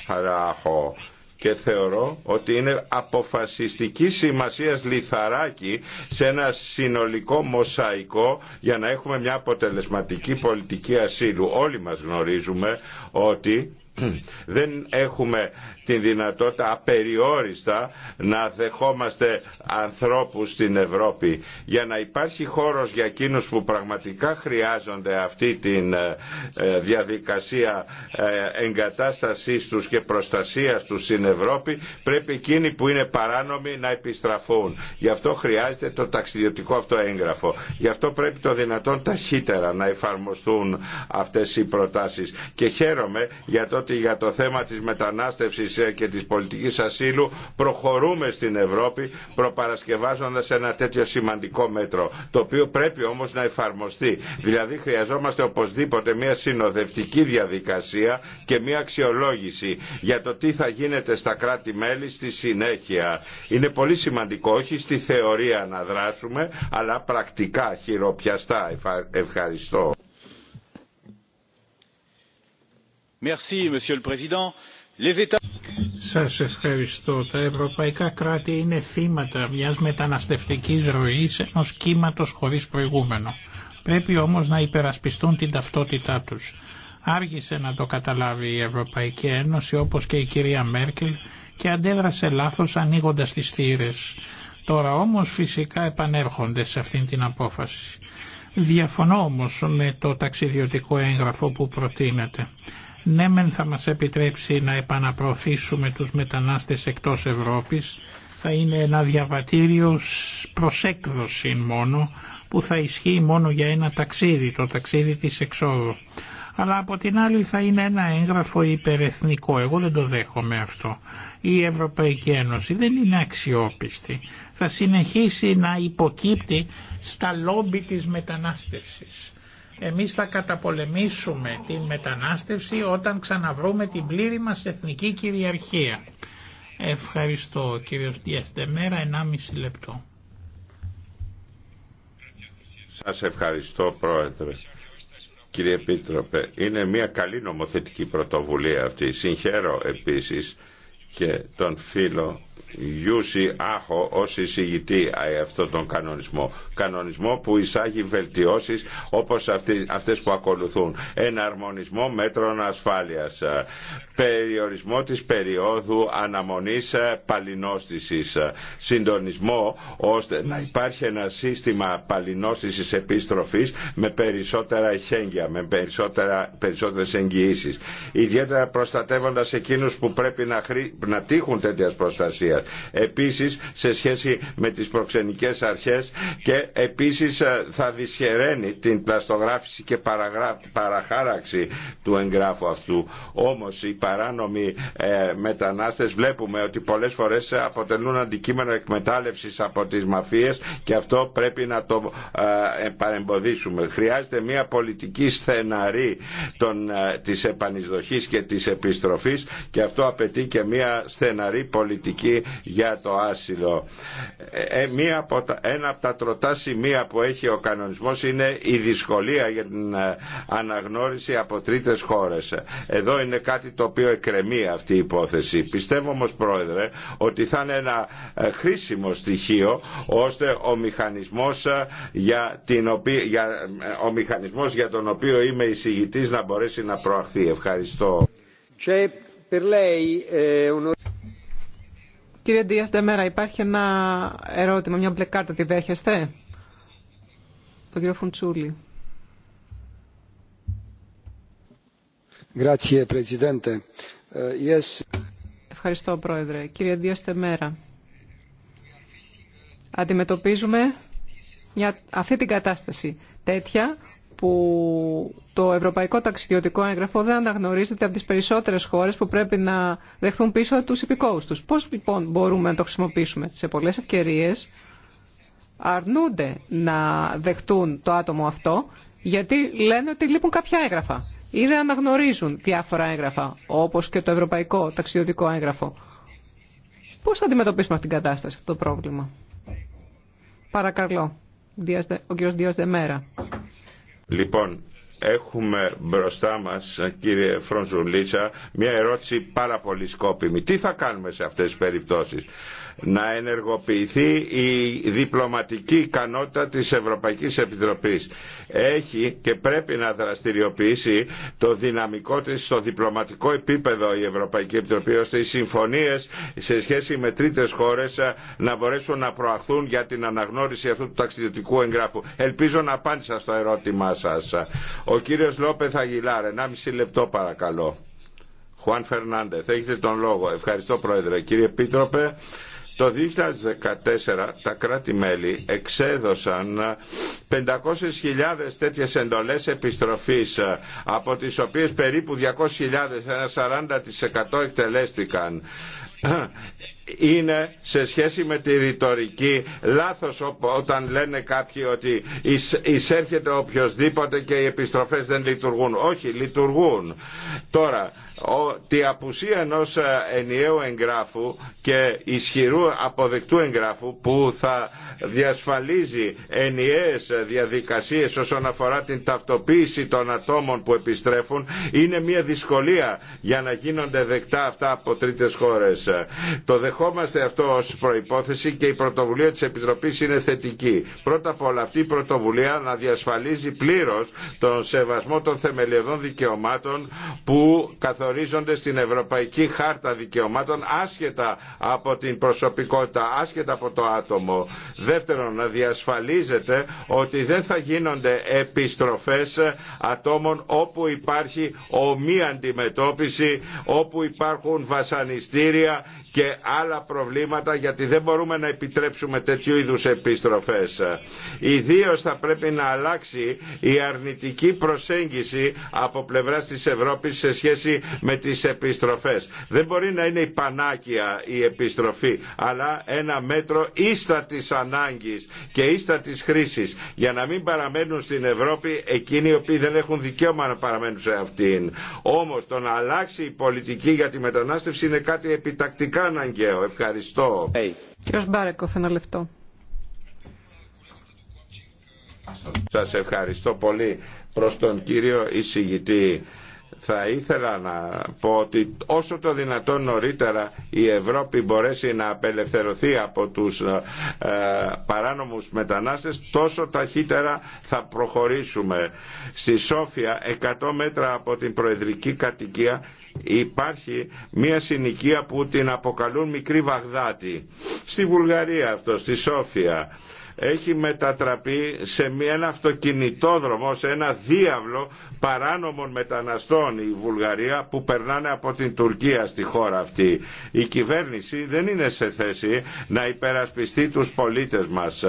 Ράχο και θεωρώ ότι είναι αποφασιστική σημασίας λιθαράκι σε ένα συνολικό μοσαϊκό για να έχουμε μια αποτελεσματική πολιτική ασύλου. Όλοι μας γνωρίζουμε ότι δεν έχουμε την δυνατότητα απεριόριστα να δεχόμαστε ανθρώπους στην Ευρώπη. Για να υπάρχει χώρος για εκείνους που πραγματικά χρειάζονται αυτή την ε, ε, διαδικασία ε, εγκατάστασής τους και προστασίας τους στην Ευρώπη πρέπει εκείνοι που είναι παράνομοι να επιστραφούν. Γι' αυτό χρειάζεται το ταξιδιωτικό αυτό έγγραφο. Γι' αυτό πρέπει το δυνατόν ταχύτερα να εφαρμοστούν αυτές οι προτάσεις. Και χαίρομαι για το ότι για το θέμα της μετανάστευσης ε, και της πολιτικής ασύλου προχωρούμε στην Ευρώπη προπαρασκευάζοντας ένα τέτοιο σημαντικό μέτρο το οποίο πρέπει όμως να εφαρμοστεί. Δηλαδή χρειαζόμαστε οπωσδήποτε μια συνοδευτική διαδικασία και μια αξιολόγηση για το τι θα γίνεται στα κράτη-μέλη στη συνέχεια. Είναι πολύ σημαντικό όχι στη θεωρία να δράσουμε αλλά πρακτικά χειροπιαστά. Ευχαριστώ. Σας ευχαριστώ. Τα ευρωπαϊκά κράτη είναι θύματα μιας μεταναστευτικής ροής ενός κύματος χωρίς προηγούμενο. Πρέπει όμως να υπερασπιστούν την ταυτότητά τους. Άργησε να το καταλάβει η Ευρωπαϊκή Ένωση όπως και η κυρία Μέρκελ και αντέδρασε λάθος ανοίγοντας τις θύρες. Τώρα όμως φυσικά επανέρχονται σε αυτήν την απόφαση. Διαφωνώ όμως με το ταξιδιωτικό έγγραφο που προτείνεται ναι μεν θα μας επιτρέψει να επαναπροωθήσουμε τους μετανάστες εκτός Ευρώπης, θα είναι ένα διαβατήριο προσέκδοση μόνο που θα ισχύει μόνο για ένα ταξίδι, το ταξίδι της εξόδου. Αλλά από την άλλη θα είναι ένα έγγραφο υπερεθνικό, εγώ δεν το δέχομαι αυτό. Η Ευρωπαϊκή Ένωση δεν είναι αξιόπιστη. Θα συνεχίσει να υποκύπτει στα λόμπι της μετανάστευσης εμείς θα καταπολεμήσουμε την μετανάστευση όταν ξαναβρούμε την πλήρη μας εθνική κυριαρχία. Ευχαριστώ κύριος Διαστεμέρα, 1,5 λεπτό. Σας ευχαριστώ πρόεδρε. Κύριε Επίτροπε, είναι μια καλή νομοθετική πρωτοβουλία αυτή. Συγχαίρω επίσης και τον φίλο Γιούση Άχο ως εισηγητή ε, αυτόν τον κανονισμό. Κανονισμό που εισάγει βελτιώσεις όπως αυτές που ακολουθούν. Εναρμονισμό μέτρων ασφάλειας. Ε, περιορισμό της περίοδου αναμονής ε, παλινόστησης. Συντονισμό ώστε να υπάρχει ένα σύστημα παλινόστησης επιστροφής με περισσότερα χέγγια, με περισσότερα, περισσότερες Ιδιαίτερα προστατεύοντας εκείνους που πρέπει να, να τύχουν τέτοια προστασία επίσης σε σχέση με τις προξενικές αρχές και επίσης ε, θα δυσχεραίνει την πλαστογράφηση και παραχάραξη του εγγράφου αυτού. Όμως οι παράνομοι ε, μετανάστες βλέπουμε ότι πολλές φορές αποτελούν αντικείμενο εκμετάλλευσης από τις μαφίες και αυτό πρέπει να το ε, παρεμποδίσουμε. Χρειάζεται μια πολιτική στεναρή των, της επανεισδοχής και της επιστροφής και αυτό απαιτεί και μια στεναρή πολιτική για το άσυλο. Ε, ε, μία ένα από τα τροτά σημεία που έχει ο κανονισμός είναι η δυσκολία για την ε, αναγνώριση από τρίτες χώρες. Εδώ είναι κάτι το οποίο εκκρεμεί αυτή η υπόθεση. Πιστεύω όμως Πρόεδρε ότι θα είναι ένα χρήσιμο στοιχείο ώστε ο μηχανισμός για, την τον οποίο είμαι εισηγητής να μπορέσει να προαχθεί. Ευχαριστώ. Κύριε Ντίας Ντεμέρα, υπάρχει ένα ερώτημα, μια μπλε κάρτα, τη δέχεστε. Τον κύριο Φουντσούλη. Ε, Ευχαριστώ, Πρόεδρε. Κύριε Ντίας Ντεμέρα, αντιμετωπίζουμε μια, αυτή την κατάσταση τέτοια που το ευρωπαϊκό ταξιδιωτικό έγγραφο δεν αναγνωρίζεται από τις περισσότερες χώρες που πρέπει να δεχθούν πίσω τους υπηκόους τους. Πώς λοιπόν μπορούμε να το χρησιμοποιήσουμε. Σε πολλές ευκαιρίες αρνούνται να δεχτούν το άτομο αυτό γιατί λένε ότι λείπουν κάποια έγγραφα ή δεν αναγνωρίζουν διάφορα έγγραφα όπως και το ευρωπαϊκό ταξιδιωτικό έγγραφο. Πώς θα αντιμετωπίσουμε αυτήν την κατάσταση, αυτό το πρόβλημα. Παρακαλώ, ο κύριος Δίας Δεμέρα. Λοιπόν, έχουμε μπροστά μας, κύριε Φρονζουλίτσα, μια ερώτηση πάρα πολύ σκόπιμη. Τι θα κάνουμε σε αυτές τις περιπτώσεις να ενεργοποιηθεί η διπλωματική ικανότητα της Ευρωπαϊκής Επιτροπής. Έχει και πρέπει να δραστηριοποιήσει το δυναμικό της στο διπλωματικό επίπεδο η Ευρωπαϊκή Επιτροπή ώστε οι συμφωνίες σε σχέση με τρίτες χώρες ε, να μπορέσουν να προαχθούν για την αναγνώριση αυτού του ταξιδιωτικού εγγράφου. Ελπίζω να απάντησα στο ερώτημά σας. Ο κύριος Λόπεθ Αγιλάρ, 1,5 λεπτό παρακαλώ. Χουάν Φερνάντεθ, έχετε τον λόγο. Ευχαριστώ Πρόεδρε. Κύριε Επίτροπε, το 2014 τα κράτη-μέλη εξέδωσαν 500.000 τέτοιες εντολές επιστροφής από τις οποίες περίπου 200.000, ένα 40% εκτελέστηκαν είναι σε σχέση με τη ρητορική λάθος όταν λένε κάποιοι ότι εισέρχεται οποιοδήποτε και οι επιστροφές δεν λειτουργούν. Όχι, λειτουργούν. Τώρα, η απουσία ενός ε, ενιαίου εγγράφου και ισχυρού αποδεκτού εγγράφου που θα διασφαλίζει ενιαίες διαδικασίες όσον αφορά την ταυτοποίηση των ατόμων που επιστρέφουν είναι μια δυσκολία για να γίνονται δεκτά αυτά από τρίτες χώρες. Το δεχόμαστε αυτό ως προϋπόθεση και η πρωτοβουλία της Επιτροπής είναι θετική. Πρώτα απ' όλα αυτή η πρωτοβουλία να διασφαλίζει πλήρως τον σεβασμό των θεμελιωδών δικαιωμάτων που καθορίζονται στην Ευρωπαϊκή Χάρτα Δικαιωμάτων άσχετα από την προσωπικότητα, άσχετα από το άτομο. Δεύτερον, να διασφαλίζεται ότι δεν θα γίνονται επιστροφές ατόμων όπου υπάρχει ομοία αντιμετώπιση, όπου υπάρχουν βασανιστήρια και άλλα προβλήματα γιατί δεν μπορούμε να επιτρέψουμε τέτοιου είδους επιστροφές. Ιδίως θα πρέπει να αλλάξει η αρνητική προσέγγιση από πλευράς της Ευρώπης σε σχέση με τις επιστροφές. Δεν μπορεί να είναι η πανάκια η επιστροφή αλλά ένα μέτρο ίστα της ανάγκης και ίστα της χρήσης για να μην παραμένουν στην Ευρώπη εκείνοι οι οποίοι δεν έχουν δικαίωμα να παραμένουν σε αυτήν. Όμως το να αλλάξει η πολιτική για τη μετανάστευση είναι κάτι επιτακτικά αναγκαίο Ευχαριστώ. Κύριος Μπάρεκοφ, ένα Σας ευχαριστώ πολύ προς τον κύριο εισηγητή. Θα ήθελα να πω ότι όσο το δυνατόν νωρίτερα η Ευρώπη μπορέσει να απελευθερωθεί από τους ε, παράνομους μετανάστες, τόσο ταχύτερα θα προχωρήσουμε. Στη Σόφια, 100 μέτρα από την προεδρική κατοικία, υπάρχει μια συνοικία που την αποκαλούν μικρή Βαγδάτη. Στη Βουλγαρία αυτό, στη Σόφια έχει μετατραπεί σε ένα αυτοκινητόδρομο, σε ένα διάβλο παράνομων μεταναστών η Βουλγαρία που περνάνε από την Τουρκία στη χώρα αυτή. Η κυβέρνηση δεν είναι σε θέση να υπερασπιστεί τους πολίτες μας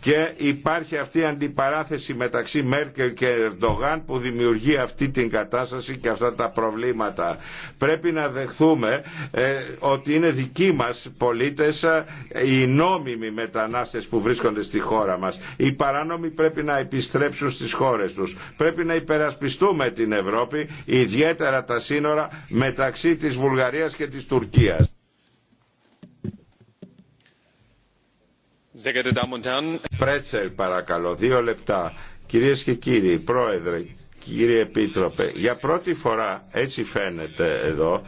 και υπάρχει αυτή η αντιπαράθεση μεταξύ Μέρκελ και Ερντογάν που δημιουργεί αυτή την κατάσταση και αυτά τα προβλήματα. Πρέπει να δεχθούμε ε, ότι είναι δικοί μας πολίτες ε, οι νόμιμοι μετανάστες που βρίσκονται στη χώρα μας. Οι παράνομοι πρέπει να επιστρέψουν στις χώρες τους. Πρέπει να υπερασπιστούμε την Ευρώπη, ιδιαίτερα τα σύνορα μεταξύ της Βουλγαρίας και της Τουρκίας. Πρέτσελ παρακαλώ, δύο λεπτά. Κυρίες και κύριοι, πρόεδρε, κύριε επίτροπε, για πρώτη φορά, έτσι φαίνεται εδώ,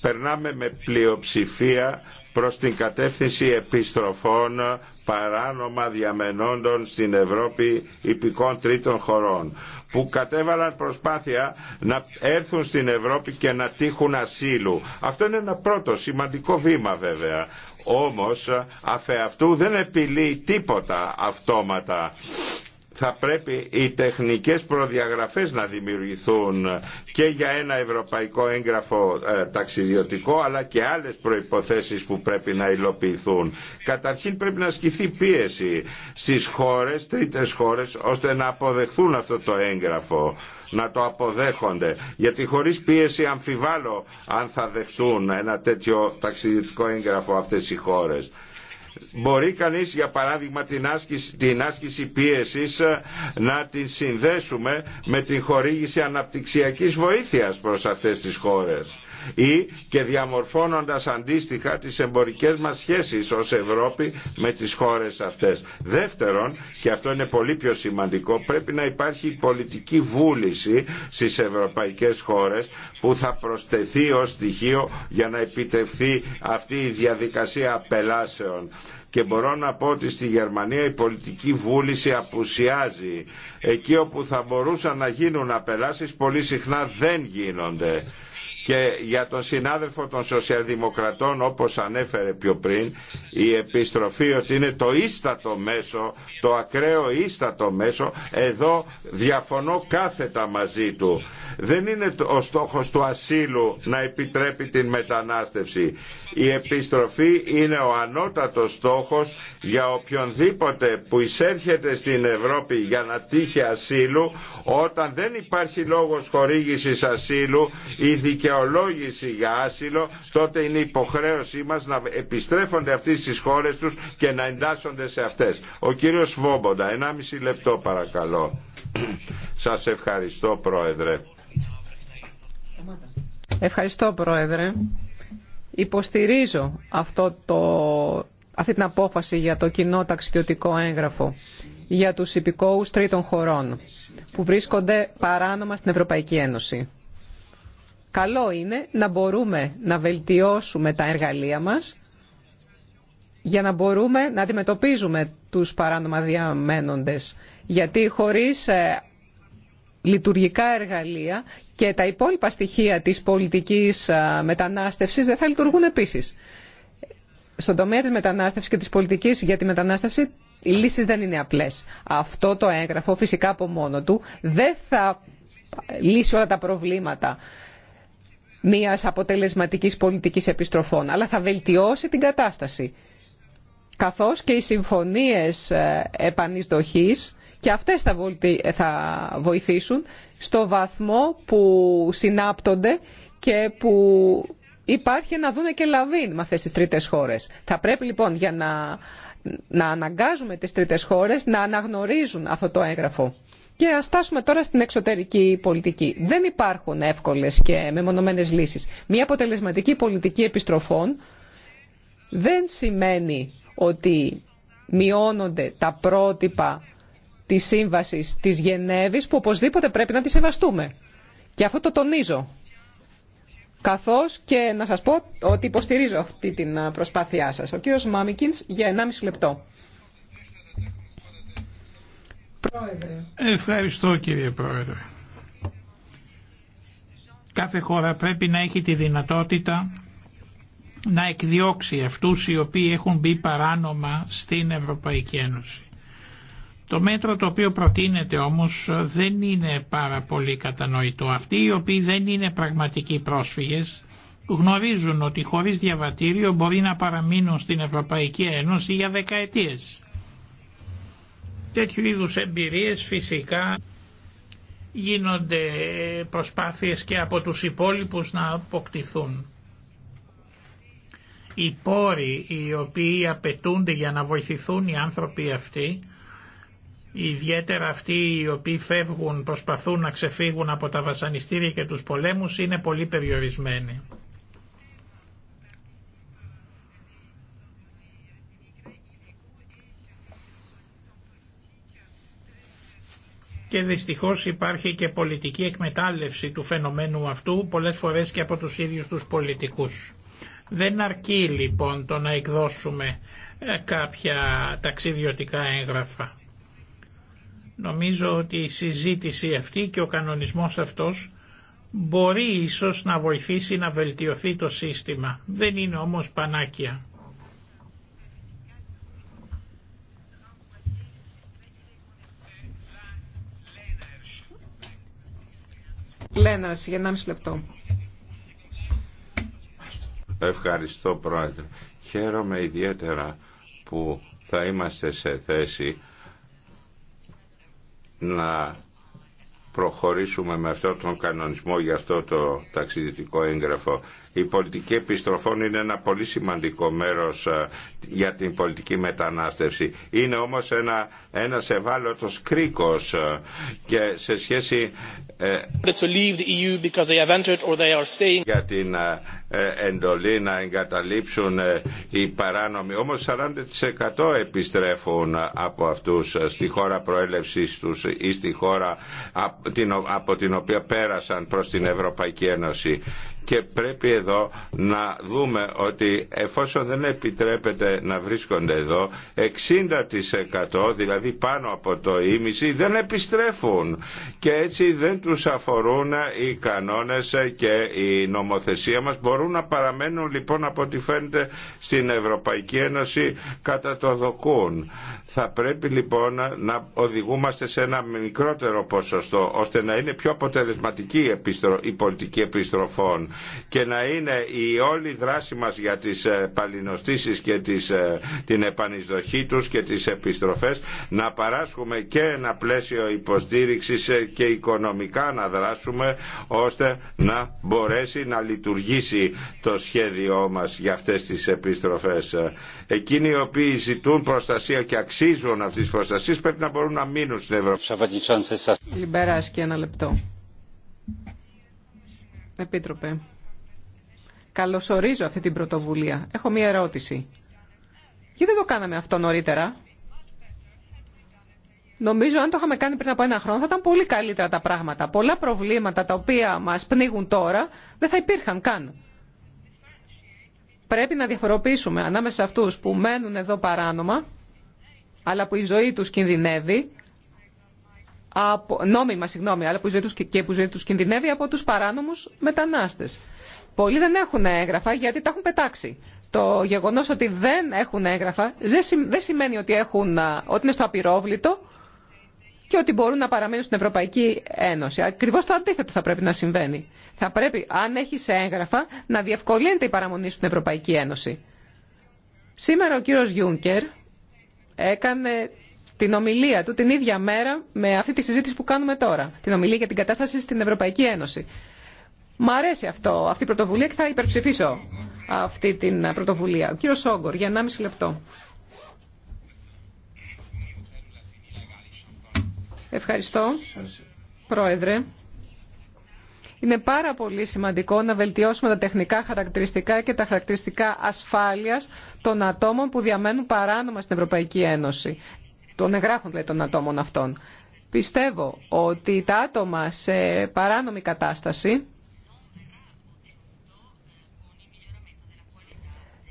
περνάμε με πλειοψηφία προς την κατεύθυνση επιστροφών παράνομα διαμενόντων στην Ευρώπη υπηκών τρίτων χωρών που κατέβαλαν προσπάθεια να έρθουν στην Ευρώπη και να τύχουν ασύλου. Αυτό είναι ένα πρώτο σημαντικό βήμα βέβαια. Όμως αφεαυτού δεν επιλύει τίποτα αυτόματα θα πρέπει οι τεχνικές προδιαγραφές να δημιουργηθούν και για ένα ευρωπαϊκό έγγραφο ε, ταξιδιωτικό αλλά και άλλες προϋποθέσεις που πρέπει να υλοποιηθούν. Καταρχήν πρέπει να ασκηθεί πίεση στις χώρες, τρίτες χώρες, ώστε να αποδεχθούν αυτό το έγγραφο να το αποδέχονται. Γιατί χωρίς πίεση αμφιβάλλω αν θα δεχτούν ένα τέτοιο ταξιδιωτικό έγγραφο αυτές οι χώρες. Μπορεί κανείς για παράδειγμα την άσκηση, την πίεσης ε, να την συνδέσουμε με την χορήγηση αναπτυξιακής βοήθειας προς αυτές τις χώρες ή και διαμορφώνοντας αντίστοιχα τις εμπορικές μας σχέσεις ως Ευρώπη με τις χώρες αυτές. Δεύτερον, και αυτό είναι πολύ πιο σημαντικό, πρέπει να υπάρχει πολιτική βούληση στις ευρωπαϊκές χώρες που θα προσθεθεί ως στοιχείο για να επιτευχθεί αυτή η διαδικασία απελάσεων και μπορώ να πω ότι στη Γερμανία η πολιτική βούληση απουσιάζει. Εκεί όπου θα μπορούσαν να γίνουν απελάσεις πολύ συχνά δεν γίνονται. Και για τον συνάδελφο των Σοσιαλδημοκρατών, όπως ανέφερε πιο πριν, η επιστροφή ότι είναι το ίστατο μέσο, το ακραίο ίστατο μέσο, εδώ διαφωνώ κάθετα μαζί του. Δεν είναι ο στόχος του ασύλου να επιτρέπει την μετανάστευση. Η επιστροφή είναι ο ανώτατος στόχος για οποιονδήποτε που εισέρχεται στην Ευρώπη για να τύχει ασύλου, όταν δεν υπάρχει λόγος χορήγησης ασύλου, η για άσυλο, τότε είναι υποχρέωσή μας να επιστρέφονται αυτοί στις χώρες τους και να εντάσσονται σε αυτές. Ο κύριος Βόμποντα, 1,5 λεπτό παρακαλώ. Σας ευχαριστώ Πρόεδρε. Ευχαριστώ Πρόεδρε. Υποστηρίζω αυτό το, αυτή την απόφαση για το κοινό ταξιδιωτικό έγγραφο για τους υπηκόους τρίτων χωρών που βρίσκονται παράνομα στην Ευρωπαϊκή Ένωση. Καλό είναι να μπορούμε να βελτιώσουμε τα εργαλεία μας για να μπορούμε να αντιμετωπίζουμε τους παράνομα διαμένοντες. Γιατί χωρίς ε, λειτουργικά εργαλεία και τα υπόλοιπα στοιχεία της πολιτικής ε, μετανάστευσης δεν θα λειτουργούν επίσης. Στον τομέα της μετανάστευσης και της πολιτικής για τη μετανάστευση οι λύσεις δεν είναι απλές. Αυτό το έγγραφο φυσικά από μόνο του δεν θα λύσει όλα τα προβλήματα μιας αποτελεσματικής πολιτικής επιστροφών, αλλά θα βελτιώσει την κατάσταση. Καθώς και οι συμφωνίες ε, επανεισδοχής και αυτές ε, θα βοηθήσουν στο βαθμό που συνάπτονται και που υπάρχει να δούνε και λαβήν με αυτές τις τρίτες χώρες. Θα πρέπει λοιπόν για να, να αναγκάζουμε τις τρίτες χώρες να αναγνωρίζουν αυτό το έγγραφο. Και α στάσουμε τώρα στην εξωτερική πολιτική. Δεν υπάρχουν εύκολε και μεμονωμένε λύσει. Μια αποτελεσματική πολιτική επιστροφών δεν σημαίνει ότι μειώνονται τα πρότυπα της σύμβασης της Γενέβης που οπωσδήποτε πρέπει να τη σεβαστούμε. Και αυτό το τονίζω. Καθώς και να σας πω ότι υποστηρίζω αυτή την προσπάθειά σας. Ο κύριος Μάμικινς για 1,5 λεπτό. Πρόεδρε. Ευχαριστώ κύριε Πρόεδρε. Κάθε χώρα πρέπει να έχει τη δυνατότητα να εκδιώξει αυτούς οι οποίοι έχουν μπει παράνομα στην Ευρωπαϊκή Ένωση. Το μέτρο το οποίο προτείνεται όμως δεν είναι πάρα πολύ κατανοητό. Αυτοί οι οποίοι δεν είναι πραγματικοί πρόσφυγες γνωρίζουν ότι χωρίς διαβατήριο μπορεί να παραμείνουν στην Ευρωπαϊκή Ένωση για δεκαετίες τέτοιου είδους εμπειρίες φυσικά γίνονται προσπάθειες και από τους υπόλοιπους να αποκτηθούν. Οι πόροι οι οποίοι απαιτούνται για να βοηθηθούν οι άνθρωποι αυτοί, ιδιαίτερα αυτοί οι οποίοι φεύγουν, προσπαθούν να ξεφύγουν από τα βασανιστήρια και τους πολέμους, είναι πολύ περιορισμένοι. και δυστυχώς υπάρχει και πολιτική εκμετάλλευση του φαινομένου αυτού πολλές φορές και από τους ίδιους τους πολιτικούς. Δεν αρκεί λοιπόν το να εκδώσουμε ε, κάποια ταξιδιωτικά έγγραφα. Νομίζω ότι η συζήτηση αυτή και ο κανονισμός αυτός μπορεί ίσως να βοηθήσει να βελτιωθεί το σύστημα. Δεν είναι όμως πανάκια. Ευχαριστώ Πρόεδρε. Χαίρομαι ιδιαίτερα που θα είμαστε σε θέση να προχωρήσουμε με αυτόν τον κανονισμό για αυτό το ταξιδιωτικό έγγραφο η πολιτική επιστροφών είναι ένα πολύ σημαντικό μέρος ε, για την πολιτική μετανάστευση. Είναι όμως ένα, ένας ευάλωτος κρίκος ε, και σε σχέση ε, e για την εντολή να εγκαταλείψουν οι παράνομοι. Όμως 40% επιστρέφουν από αυτούς στη χώρα προέλευσης τους ή στη χώρα από την, από την οποία πέρασαν προς την Ευρωπαϊκή Ένωση και πρέπει εδώ να δούμε ότι εφόσον δεν επιτρέπεται να βρίσκονται εδώ 60% δηλαδή πάνω από το ίμιση δεν επιστρέφουν και έτσι δεν τους αφορούν οι κανόνες και η νομοθεσία μας μπορούν να παραμένουν λοιπόν από ό,τι φαίνεται στην Ευρωπαϊκή Ένωση κατά το δοκούν. Θα πρέπει λοιπόν να οδηγούμαστε σε ένα μικρότερο ποσοστό ώστε να είναι πιο αποτελεσματική η πολιτική επιστροφών και να είναι η όλη δράση μας για τις ε, παλινοστήσεις και τις, ε, την επανεισδοχή τους και τις επιστροφές να παράσχουμε και ένα πλαίσιο υποστήριξης ε, και οικονομικά να δράσουμε ώστε να μπορέσει να λειτουργήσει το σχέδιό μας για αυτές τις επιστροφές. Εκείνοι οι οποίοι ζητούν προστασία και αξίζουν αυτής της προστασίας πρέπει να μπορούν να μείνουν στην Ευρώπη. Λιμπεράς και ένα λεπτό. Επίτροπε, καλωσορίζω αυτή την πρωτοβουλία. Έχω μία ερώτηση. Γιατί δεν το κάναμε αυτό νωρίτερα. Νομίζω αν το είχαμε κάνει πριν από ένα χρόνο θα ήταν πολύ καλύτερα τα πράγματα. Πολλά προβλήματα τα οποία μας πνίγουν τώρα δεν θα υπήρχαν καν. Πρέπει να διαφοροποιήσουμε ανάμεσα αυτούς που μένουν εδώ παράνομα αλλά που η ζωή τους κινδυνεύει από, νόμιμα συγγνώμη, αλλά που ζωή τους, και που ζωή τους κινδυνεύει από τους παράνομους μετανάστες. Πολλοί δεν έχουν έγγραφα γιατί τα έχουν πετάξει. Το γεγονός ότι δεν έχουν έγγραφα δεν σημαίνει ότι, έχουν, ότι είναι στο απειρόβλητο και ότι μπορούν να παραμείνουν στην Ευρωπαϊκή Ένωση. Ακριβώ το αντίθετο θα πρέπει να συμβαίνει. Θα πρέπει, αν έχει έγγραφα, να διευκολύνεται η παραμονή στην Ευρωπαϊκή Ένωση. Σήμερα ο κύριος Γιούνκερ έκανε την ομιλία του την ίδια μέρα με αυτή τη συζήτηση που κάνουμε τώρα. Την ομιλία για την κατάσταση στην Ευρωπαϊκή Ένωση. Μ' αρέσει αυτό, αυτή η πρωτοβουλία και θα υπερψηφίσω αυτή την πρωτοβουλία. Ο κύριος Σόγκορ, για 1,5 λεπτό. Ευχαριστώ, Πρόεδρε. Είναι πάρα πολύ σημαντικό να βελτιώσουμε τα τεχνικά χαρακτηριστικά και τα χαρακτηριστικά ασφάλειας των ατόμων που διαμένουν παράνομα στην Ευρωπαϊκή Ένωση των εγγράφων δηλαδή, των ατόμων αυτών. Πιστεύω ότι τα άτομα σε παράνομη κατάσταση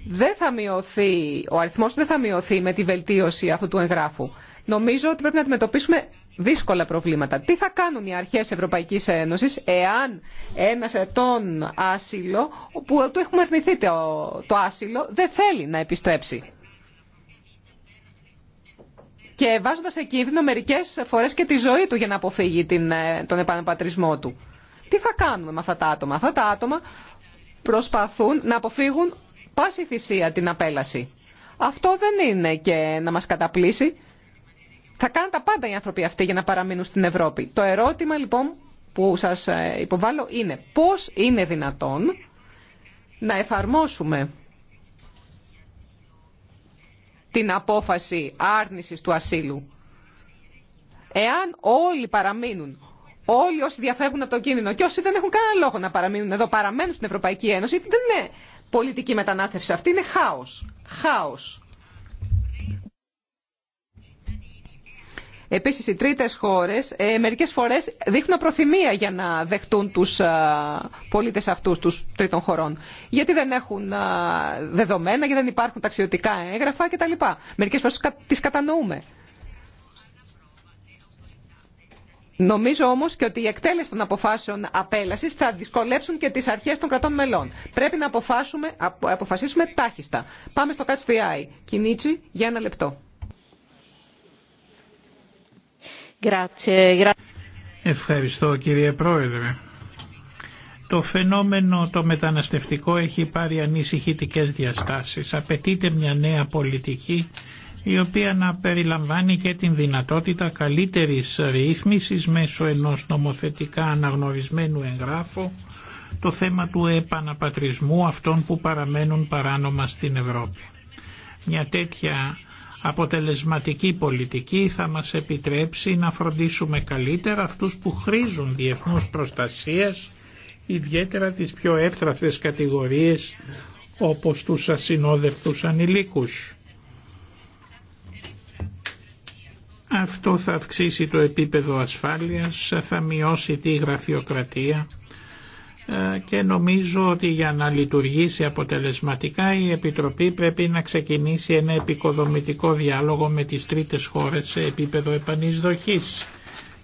δεν θα μειωθεί, ο αριθμός δεν θα μειωθεί με τη βελτίωση αυτού του εγγράφου. Νομίζω ότι πρέπει να αντιμετωπίσουμε δύσκολα προβλήματα. Τι θα κάνουν οι αρχές Ευρωπαϊκής Ένωσης εάν ένας ετών άσυλο, όπου του έχουμε αρνηθεί το, το άσυλο, δεν θέλει να επιστρέψει και βάζοντα σε κίνδυνο μερικέ φορέ και τη ζωή του για να αποφύγει την, ε, τον επαναπατρισμό του. Τι θα κάνουμε με αυτά τα άτομα. Αυτά τα άτομα προσπαθούν να αποφύγουν πάση θυσία την απέλαση. Αυτό δεν είναι και να μας καταπλήσει. Θα κάνουν τα πάντα οι άνθρωποι αυτοί για να παραμείνουν στην Ευρώπη. Το ερώτημα λοιπόν που σας ε, υποβάλλω είναι πώς είναι δυνατόν να εφαρμόσουμε την απόφαση άρνησης του ασύλου. Εάν όλοι παραμείνουν, όλοι όσοι διαφεύγουν από τον κίνδυνο και όσοι δεν έχουν κανένα λόγο να παραμείνουν εδώ, παραμένουν στην Ευρωπαϊκή Ένωση, δεν είναι πολιτική μετανάστευση αυτή, είναι χάος. Χάος. Επίσης, οι τρίτες χώρες ε, μερικές φορές δείχνουν προθυμία για να δεχτούν τους πολίτε πολίτες αυτούς τους τρίτων χωρών. Γιατί δεν έχουν ε, δεδομένα, γιατί δεν υπάρχουν ταξιδιωτικά έγγραφα κτλ. Μερικές φορές τις κατανοούμε. Νομίζω όμως και ότι η εκτέλεση των αποφάσεων απέλασης θα δυσκολέψουν και τις αρχές των κρατών μελών. Πρέπει να αποφασίσουμε τάχιστα. Πάμε στο Catch the Eye. Κινίτσι για ένα λεπτό. Ευχαριστώ κύριε Πρόεδρε. Το φαινόμενο το μεταναστευτικό έχει πάρει ανησυχητικές διαστάσεις. Απαιτείται μια νέα πολιτική η οποία να περιλαμβάνει και την δυνατότητα καλύτερης ρύθμισης μέσω ενός νομοθετικά αναγνωρισμένου εγγράφου το θέμα του επαναπατρισμού αυτών που παραμένουν παράνομα στην Ευρώπη. Μια τέτοια αποτελεσματική πολιτική θα μας επιτρέψει να φροντίσουμε καλύτερα αυτούς που χρήζουν διεθνούς προστασίας, ιδιαίτερα τις πιο εύθραυτες κατηγορίες όπως τους ασυνόδευτους ανηλίκους. Αυτό θα αυξήσει το επίπεδο ασφάλειας, θα μειώσει τη γραφειοκρατία ε, και νομίζω ότι για να λειτουργήσει αποτελεσματικά η Επιτροπή πρέπει να ξεκινήσει ένα επικοδομητικό διάλογο με τις τρίτες χώρες σε επίπεδο επανεισδοχής.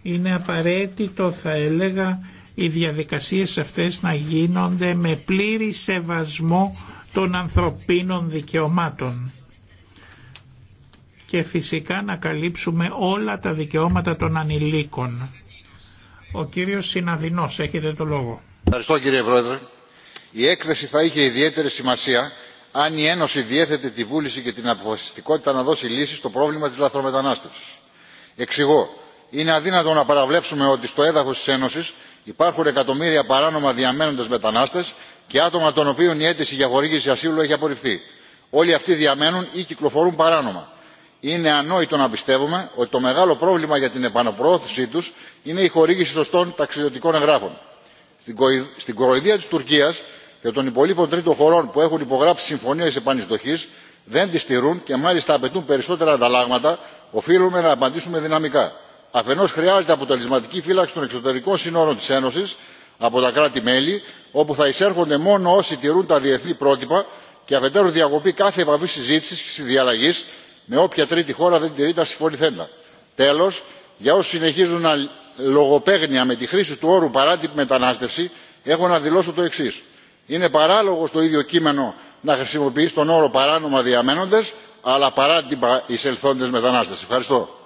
Είναι απαραίτητο θα έλεγα οι διαδικασίες αυτές να γίνονται με πλήρη σεβασμό των ανθρωπίνων δικαιωμάτων και φυσικά να καλύψουμε όλα τα δικαιώματα των ανηλίκων. Ο κύριος Συναδεινός, έχετε το λόγο. Ευχαριστώ κύριε Πρόεδρε. Η έκθεση θα είχε ιδιαίτερη σημασία αν η Ένωση διέθετε τη βούληση και την αποφασιστικότητα να δώσει λύση στο πρόβλημα της λαθρομετανάστευση. Εξηγώ. Είναι αδύνατο να παραβλέψουμε ότι στο έδαφος της Ένωσης υπάρχουν εκατομμύρια παράνομα διαμένοντε μετανάστες και άτομα των οποίων η αίτηση για χορήγηση ασύλου έχει απορριφθεί. Όλοι αυτοί διαμένουν ή κυκλοφορούν παράνομα. Είναι ανόητο να πιστεύουμε ότι το μεγάλο πρόβλημα για την επαναπροώθησή του είναι η χορήγηση σωστών ταξιδιωτικών εγγράφων στην κοροϊδία της τουρκίας και των υπολείπων τρίτων χωρών που έχουν υπογράψει συμφωνίες επανειστοχής δεν τις τηρούν και μάλιστα απαιτούν περισσότερα ανταλλάγματα οφείλουμε να απαντήσουμε δυναμικά. Αφενός χρειάζεται αποτελεσματική φύλαξη των εξωτερικών συνόρων της Ένωσης από τα κράτη μέλη όπου θα εισέρχονται μόνο όσοι τηρούν τα διεθνή πρότυπα και αφετέρου διακοπή κάθε επαφή συζήτηση και συνδιαλλαγή με όποια τρίτη χώρα δεν τηρεί τα συμφωνηθέντα. τέλο για όσους συνεχίζουν λογοπαίγνια με τη χρήση του όρου παράτυπη μετανάστευση έχω να δηλώσω το εξής είναι παράλογο στο ίδιο κείμενο να χρησιμοποιείς τον όρο παράνομα διαμένοντες αλλά παράτυπα εισελθόντες μετανάστες. ευχαριστώ.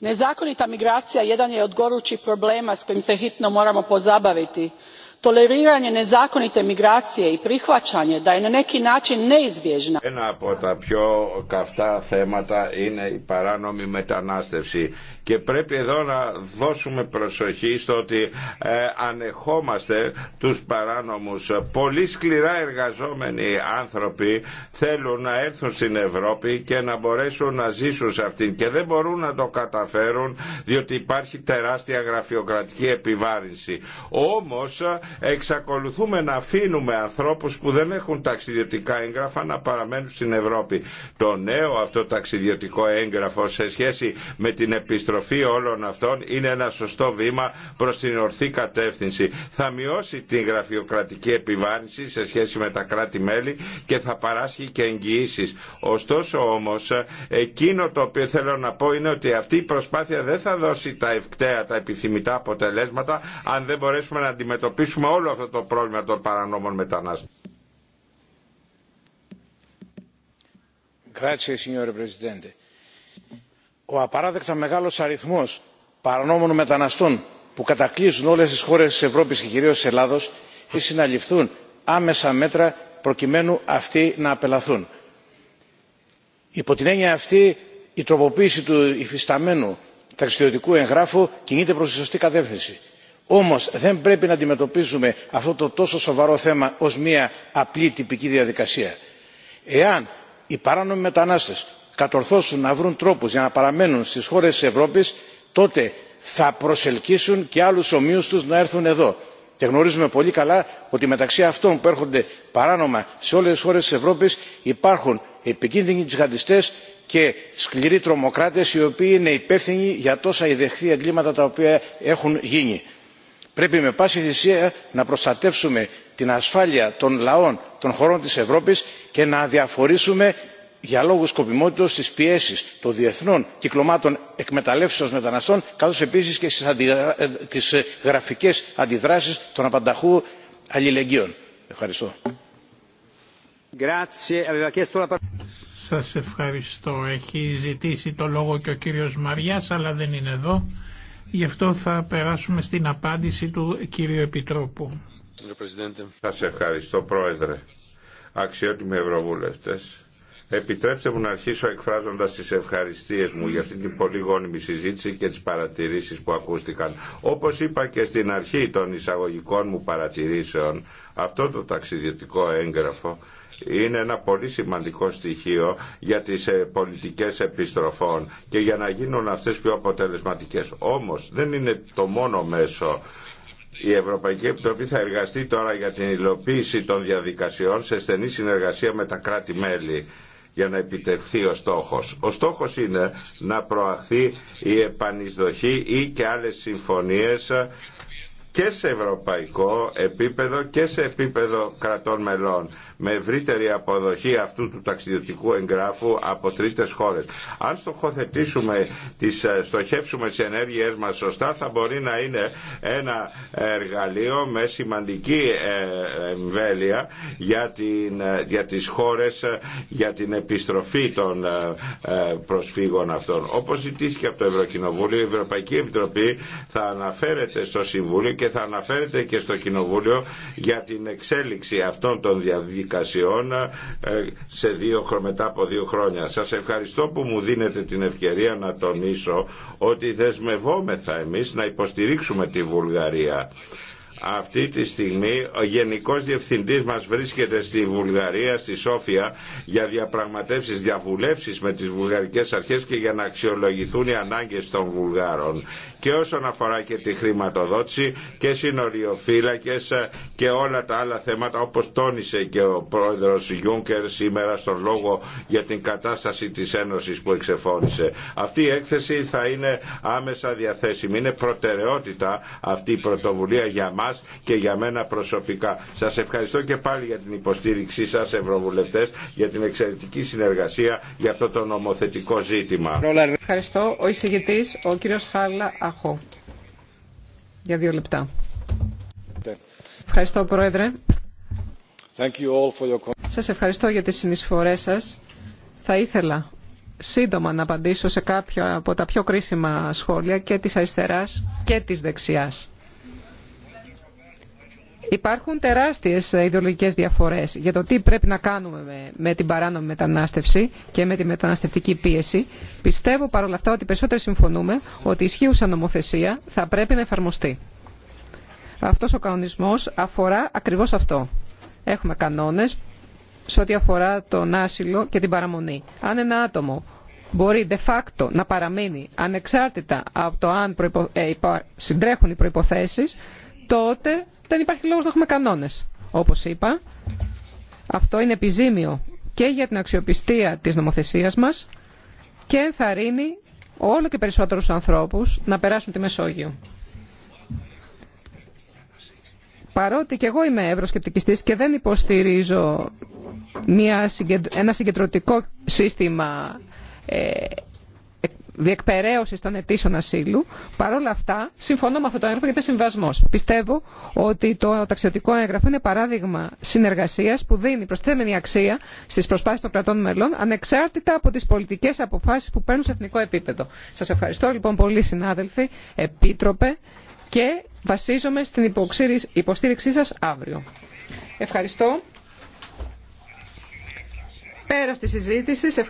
nezakonita migracija jedan je od gorućih problema s kojim se hitno moramo pozabaviti. toleriranje nezakonite migracije i prihvaćanje da je na neki način neizbježna Ένα από τα πιο καυτά θέματα είναι και πρέπει εδώ να δώσουμε προσοχή στο ότι ε, ανεχόμαστε τους παράνομους. Πολύ σκληρά εργαζόμενοι άνθρωποι θέλουν να έρθουν στην Ευρώπη και να μπορέσουν να ζήσουν σε αυτήν και δεν μπορούν να το καταφέρουν διότι υπάρχει τεράστια γραφειοκρατική επιβάρυνση. Όμως εξακολουθούμε να αφήνουμε ανθρώπους που δεν έχουν ταξιδιωτικά έγγραφα να παραμένουν στην Ευρώπη. Το νέο αυτό ταξιδιωτικό έγγραφο σε σχέση με την επιστροφή επιστροφή όλων αυτών είναι ένα σωστό βήμα προς την ορθή κατεύθυνση. Θα μειώσει την γραφειοκρατική επιβάρυνση σε σχέση με τα κράτη-μέλη και θα παράσχει και εγγυήσει. Ωστόσο όμως εκείνο το οποίο θέλω να πω είναι ότι αυτή η προσπάθεια δεν θα δώσει τα ευκταία, τα επιθυμητά αποτελέσματα αν δεν μπορέσουμε να αντιμετωπίσουμε όλο αυτό το πρόβλημα των παρανόμων μετανάστων. Grazie, signore Presidente ο απαράδεκτα μεγάλος αριθμός παρανόμων μεταναστών που κατακλείζουν όλες τις χώρες της Ευρώπης και κυρίως της Ελλάδος ή συναλληφθούν άμεσα μέτρα προκειμένου αυτοί να απελαθούν. Υπό την έννοια αυτή η τροποποίηση του υφισταμένου ταξιδιωτικού εγγράφου κινείται προς τη σωστή κατεύθυνση. Όμως δεν πρέπει να αντιμετωπίζουμε αυτό το τόσο σοβαρό θέμα ως μια απλή τυπική διαδικασία. Εάν οι παράνομοι μετανάστες κατορθώσουν να βρουν τρόπους για να παραμένουν στις χώρες της Ευρώπης, τότε θα προσελκύσουν και άλλους ομοίους τους να έρθουν εδώ. Και γνωρίζουμε πολύ καλά ότι μεταξύ αυτών που έρχονται παράνομα σε όλες τις χώρες της Ευρώπης υπάρχουν επικίνδυνοι τζιχαντιστές και σκληροί τρομοκράτες οι οποίοι είναι υπεύθυνοι για τόσα ιδεχθή εγκλήματα τα οποία έχουν γίνει. Πρέπει με πάση θυσία να προστατεύσουμε την ασφάλεια των λαών των χωρών της Ευρώπης και να αδιαφορήσουμε για λόγους σκοπιμότητος στις πιέσεις των διεθνών κυκλωμάτων εκμεταλλεύσεως μεταναστών καθώς επίσης και στις ε, ε, γραφικές αντιδράσεις των απανταχού αλληλεγγύων. Ευχαριστώ. Σας ευχαριστώ. Έχει ζητήσει το λόγο και ο κύριος Μαριάς αλλά δεν είναι εδώ. Γι' αυτό θα περάσουμε στην απάντηση του κύριου Επιτρόπου. Σας ευχαριστώ Πρόεδρε. Αξιότιμοι Ευρωβουλευτές. Επιτρέψτε μου να αρχίσω εκφράζοντας τις ευχαριστίες μου για αυτή την πολύ γόνιμη συζήτηση και τι παρατηρήσει που ακούστηκαν. Όπω είπα και στην αρχή των εισαγωγικών μου παρατηρήσεων, αυτό το ταξιδιωτικό έγγραφο είναι ένα πολύ σημαντικό στοιχείο για τις ε, πολιτικές επιστροφών και για να γίνουν αυτές πιο αποτελεσματικές. Όμως δεν είναι το μόνο μέσο η Ευρωπαϊκή Επιτροπή θα εργαστεί τώρα για την υλοποίηση των διαδικασιών σε στενή συνεργασία με τα κράτη-μέλη για να επιτευχθεί ο στόχος. Ο στόχος είναι να προαχθεί η επανεισδοχή ή και άλλες συμφωνίες και σε ευρωπαϊκό επίπεδο και σε επίπεδο κρατών μελών με ευρύτερη αποδοχή αυτού του ταξιδιωτικού εγγράφου από τρίτες χώρες. Αν στοχοθετήσουμε, τις, ε, στοχεύσουμε τις ενέργειές μας σωστά θα μπορεί να είναι ένα εργαλείο με σημαντική ε, εμβέλεια για, την, ε, για τις χώρες για την επιστροφή των προσφύγων αυτών. Όπως ζητήθηκε από το Ευρωκοινοβούλιο, η Ευρωπαϊκή Επιτροπή θα αναφέρεται στο Συμβούλιο και θα αναφέρεται και στο Κοινοβούλιο για την εξέλιξη αυτών των διαδικασιών ε, σε δύο, μετά από δύο χρόνια. Σας ευχαριστώ που μου δίνετε την ευκαιρία να τονίσω ότι δεσμευόμεθα εμείς να υποστηρίξουμε τη Βουλγαρία αυτή τη στιγμή ο Γενικός Διευθυντής μας βρίσκεται στη Βουλγαρία, στη Σόφια, για διαπραγματεύσεις, διαβουλεύσεις με τις βουλγαρικές αρχές και για να αξιολογηθούν οι ανάγκες των Βουλγάρων. Και όσον αφορά και τη χρηματοδότηση και συνοριοφύλακες και όλα τα άλλα θέματα, όπως τόνισε και ο πρόεδρος Γιούνκερ σήμερα στον λόγο για την κατάσταση της Ένωσης που εξεφώνησε. Αυτή η έκθεση θα είναι άμεσα διαθέσιμη. Είναι προτεραιότητα αυτή η πρωτοβουλία για και για μένα προσωπικά. Σας ευχαριστώ και πάλι για την υποστήριξή σας Ευρωβουλευτές, για την εξαιρετική συνεργασία για αυτό το νομοθετικό ζήτημα. Ευχαριστώ. Ο εισηγητής, ο κύριος Χάλα Αχώ. Για δύο λεπτά. Ευχαριστώ, Πρόεδρε. Σας ευχαριστώ για τις συνεισφορές σας. Θα ήθελα σύντομα να απαντήσω σε κάποια από τα πιο κρίσιμα σχόλια και της αριστεράς και της δεξιάς. Υπάρχουν τεράστιες ιδεολογικέ διαφορές για το τι πρέπει να κάνουμε με την παράνομη μετανάστευση και με τη μεταναστευτική πίεση. Πιστεύω παρόλα αυτά ότι περισσότερο συμφωνούμε ότι η ισχύουσα νομοθεσία θα πρέπει να εφαρμοστεί. Αυτός ο κανονισμός αφορά ακριβώς αυτό. Έχουμε κανόνες σε ό,τι αφορά τον άσυλο και την παραμονή. Αν ένα άτομο μπορεί de facto να παραμείνει ανεξάρτητα από το αν ε, συντρέχουν οι προϋποθέσεις, τότε δεν υπάρχει λόγος να έχουμε κανόνες. Όπως είπα, αυτό είναι επιζήμιο και για την αξιοπιστία της νομοθεσίας μας και ενθαρρύνει όλο και περισσότερους ανθρώπους να περάσουν τη Μεσόγειο. Παρότι και εγώ είμαι ευρωσκεπτικιστής και δεν υποστηρίζω μια, ένα συγκεντρωτικό σύστημα ε, διεκπαιρέωση των αιτήσεων ασύλου. Παρ' όλα αυτά, συμφωνώ με αυτό το έγγραφο γιατί είναι συμβασμό. Πιστεύω ότι το ταξιδιωτικό έγγραφο είναι παράδειγμα συνεργασία που δίνει προσθέμενη αξία στι προσπάθειε των κρατών μελών, ανεξάρτητα από τι πολιτικέ αποφάσει που παίρνουν σε εθνικό επίπεδο. Σα ευχαριστώ λοιπόν πολύ, συνάδελφοι, επίτροπε και βασίζομαι στην υποστήριξή σα αύριο. Ευχαριστώ. Πέρα στη συζήτηση.